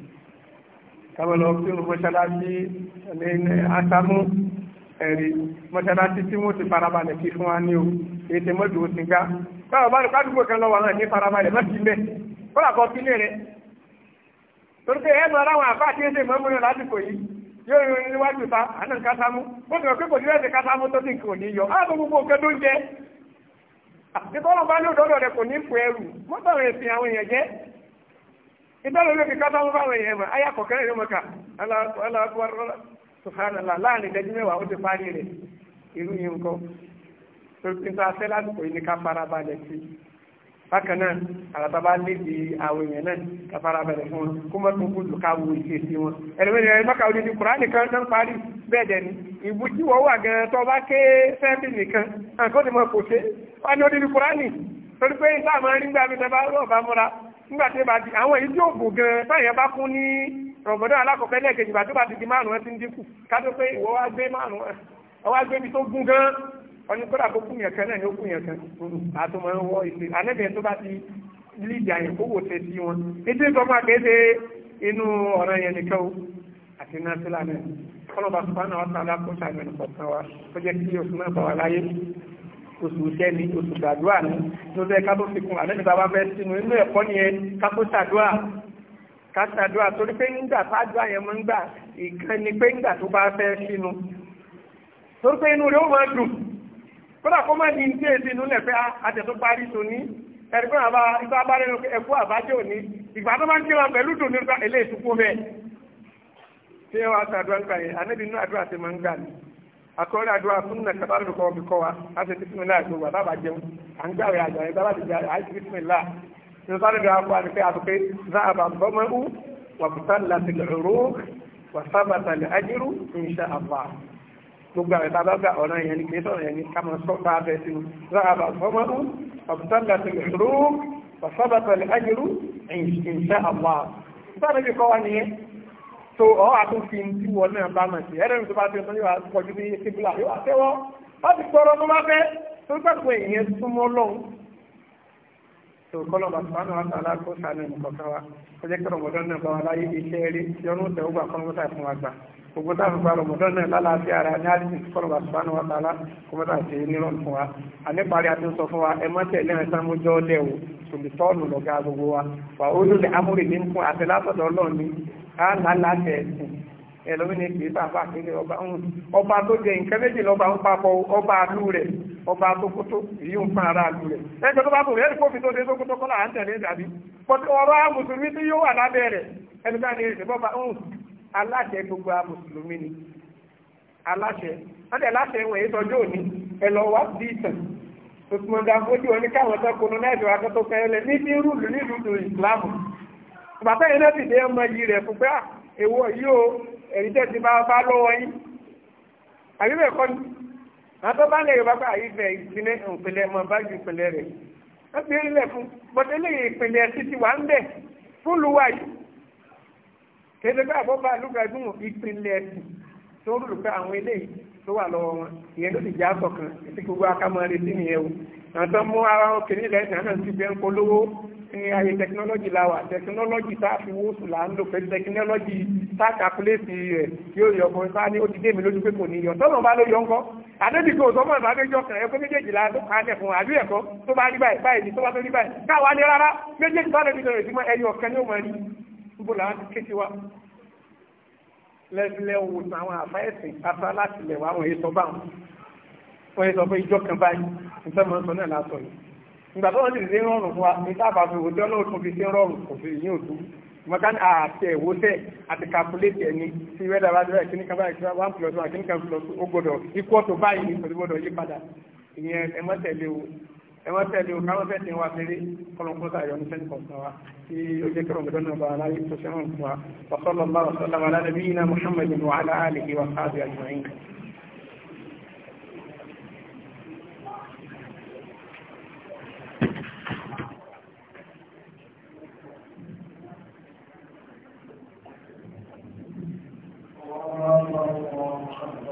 ẹ̀rí mọ́ṣáláṣí tí wọ́n ti farabalẹ̀ kí fún wa ní o ètè mọ́jú ó ti gbá báwo bá lùkádùgbò kan lọ́wọ́ náà ní farabalẹ̀ má ti mẹ́ kọ́lá kọ́ rẹ̀ torí pé àfáà tí ń ṣe mọ́mú náà lásìkò yìí yóò rí níwájú ta ti kò ní yọ á gbogbo nǹkan tó ń bá ní òdòdó rẹ̀ kò ní ẹrù àwọn èèyàn jẹ́ sùhánàlá láàrin ìdẹ́jú mẹ́wàá ó ti parí rẹ̀ irú yìí ń kọ́ pínpín tó afẹ́ lásìkò yìí ní ká farabalẹ̀ sí bákan náà àràbà bá lédi àwọn èèyàn náà ká farabalẹ̀ fún wọn kó mọ́ tó kúndùn ká wo ìṣe sí wọn ẹlẹ́mìnira ẹni mọ́kà òdìdí kùránì kan tó ń parí bẹ́ẹ̀ dẹ̀ ni ìbú tí wọ́n wà gan tó bá ké sẹ́ẹ̀bì nìkan àǹkó ni mo kò ṣe wọ́n ní òdìdí kùránì torí pé sáà máa ń rí gbàmí tẹ́ bá rọ̀ bá múra nígbà tí rọ̀mọ̀dán alákọ̀ọ́kọ́ ẹlẹ́ẹ̀kejì bá tó bá ti di márùn-ún ẹ ti ń dínkù ká tó pé ìwọ wá gbé márùn-ún ẹ ọwá gbé ibi tó gún gan ọni kódà kó kún yẹn kan náà ni ó kún yẹn kan àtúmọ̀ ń wọ ìpè ànẹ́bẹ̀ẹ́ tó bá ti lídìí àyẹ̀ kó wò tẹ̀ sí wọn ètò ìtọ́mọ̀ àkéde inú ọ̀rọ̀ yẹn nìkan o àti násílà náà kọlọ́ba sùpánà ọ̀sán alákòóso àmì ẹnìkọ̀ọ̀kan wa ó jẹ́ oṣù mẹ́fà wà oṣù gbàdúrà ni ló fẹ́ ká tó fi kún àlẹ́ nígbà wá fẹ́ sínú inú ẹ̀kọ́ nìyẹn ká tó ṣàdúrà kásàdúrà torí pé nígbà tájú àyẹ̀mọ́ ńgbà ìkan ni pé nígbà tó bá fẹ́ sínú torí pé inú rẹ̀ ó máa dùn kódà kó má ní ní èsì inú lẹ̀ pé àtẹ̀tó parí tòní ẹ̀rí pé àbá ìgbà bá rẹ̀ ẹ̀kú àbájẹ́ òní ìgbà tó máa ń kíra pẹ̀lú dùn nípa ilé ìtukú bẹ́ẹ̀ tí wọ́n aṣọ àdúrà ńgbà yẹn anábì inú àdúrà ti máa ń gbà ní akọ́rẹ́ àdúrà fún nà kábàrà lóko ọ̀bì kọ́ wa láti ti fún mi láàgbọ̀ wà bàbá jẹun à ìrọ̀sáré bí wọ́n ní pé àtúpé záàbà bọ́mọ́ú wàbùtà láti lòrò wàsábàtà lè ájírú insha Allah gbogbo àwọn ìta bá ọ̀nà yẹn ni kì í sọ̀rọ̀ yẹn ni ká máa sọ bá abẹ sínú záàbà bọ́mọ́ú wàbùtà láti lòrò wàsábàtà lè ájírú insha Allah sáré bí kọ́ wa nìyẹn so ọ àtúnfi tí wọn náà bá mọ̀ sí ẹ̀rẹ́mi tó bá ti sọ́yọ́ àpọ̀jù ní kíbla yóò àtẹ́wọ́ láti sọ̀rọ̀ tó bá fẹ́ tó gbàgbọ́ èèyàn súnmọ́ lọ́hùn tó kọ́lọ̀ bá sọ́nà wa tààlà kó sànù ìmọ̀kọ̀kan wa ó jẹ́ kí rọmọdán náà bá wa láyé iṣẹ́ rí tí ọdún tẹ̀ ó gbà kọ́nà mọ́tà fún wa gbà gbogbo táwọn gba rọmọdán náà lálàáfíà ara ní àdìsí kọ́lọ̀ bá sọ́nà wa tààlà kó mọ́tà sí fún wa àníparí àti sọ fún wa ẹ mọ́ tẹ̀lé ẹ̀ sàmójọ́ lẹ̀ o tòlítọ́ọ̀nù lọ́gà gbogbo wa wà ó lulẹ̀ amúrè ní ẹlòmí ni kì í sáfà kéde ọba ń ọba tó jẹ nǹkan méjì lọ́ba ń papọ̀ ọba àlú rẹ̀ ọba àtòkótó èyí ń fún ara àlú rẹ̀ ẹgbẹ́ tó bá tó rẹ̀ kófin tó dé sókótó kọ́lá à ń tẹ̀lé dàbí pọ̀tí ọ̀rọ̀ mùsùlùmí tí yóò wà lábẹ́ rẹ̀ ẹni bá ní ẹ̀sẹ̀ bọ́ba ń aláṣẹ gbogbo mùsùlùmí ni aláṣẹ wọ́n tẹ̀ láṣẹ ìwọ̀n èyí sọjọ́ òní ẹ lọ wá yìí náà ti dé ọmọ yìí rẹ̀ fún pé ah, èwo yìí o ẹ̀rí tẹ́ ti máa bá lọ́wọ́ yín àbíbẹ̀ kọ́ ni àtọ́ bá lè yorùbá pé àyífẹ́ ìpínlẹ̀ ìpínlẹ̀ mọ̀ bá ju ìpínlẹ̀ rẹ̀ wọ́n ti rí lẹ̀ fún bọ́tẹ́lẹ̀ ìpínlẹ̀ títí wà ń bẹ̀ fún lùwà yìí kéde pé àbọ̀bá àlùgbàdùn ìpínlẹ̀ ẹ̀sìn tó ń rúlùpẹ́ àwọn eléyìí tó wà lọ́wọ́ wọn ìyẹn ló ti já sọ̀kan ètò gbogbo akámọ́ àtọ́ mú ara òkè nílẹ̀ ìsìn náà ti bẹ́ ń polówó ní ayé tẹkinọ́lọ́jì láwà tẹkinọ́lọ́jì tá a fi wó sùn là ń lò pẹ̀lú tẹkinọ́lọ́jì tá a kàkúlẹ́sì rẹ̀ yóò yọ fún sáà ní ó ti dé mi lójú pé kò ní yọ tọ́lọ̀ bá ló yọ ńkọ́ àdébìkọ òsọmọ ìbádẹ́jọ kan ẹ̀kọ́ méjèèjì la tó kàn án fún àbí ẹ̀kọ́ tó bá rí báyìí báyìí tó bá tó rí báyìí káwa ní rárá méjèèjì bá dẹ̀bi sọ̀rọ̀ ìdímọ̀ ẹyọ ọ̀kan ní òmùrẹ́ ní làwọn ti ké sí wa lẹ́sílẹ̀ wò sàn àwọn àfáyẹ̀sìn afárá láti lẹ̀ wá àwọn èso báwọn wọ́n yẹ sọ pé ìjọ kan báyìí nígbà mọ́ sọ náà lásọ yìí ìgbà tó wọ́n sì ṣe ń rọrùn fún wa ní sábà fi wò tẹ́lọ̀ tó fi ṣe ń rọrùn kò fi yín òtú mọ̀ká ní àti ẹ̀wò tẹ̀ àti kàkúlétì ẹni tí wẹ́dà bá dúró kíní kan báyìí one plus one kíní kan plus ó gbọ́dọ̀ ikú ọ̀tọ̀ báyìí kò sí gbọ́dọ̀ yí padà ìyẹn ẹ mọ́ tẹ̀lé o ẹ mọ́ tẹ̀lé o káwọn fẹ́ ti wá fèrè kọlọ́nkọ́ sàyọ̀ ní sẹ́ni kọ̀ọ̀kan wa tí ó jẹ́ kẹrọ̀ gbọ́dọ̀ náà bá aláyé tó ṣe rán fún wa wa sallallahu alaihi wa sallam ala nabiyina muhammadin wa ala alihi wa sahbihi ajma'in الله وبركاته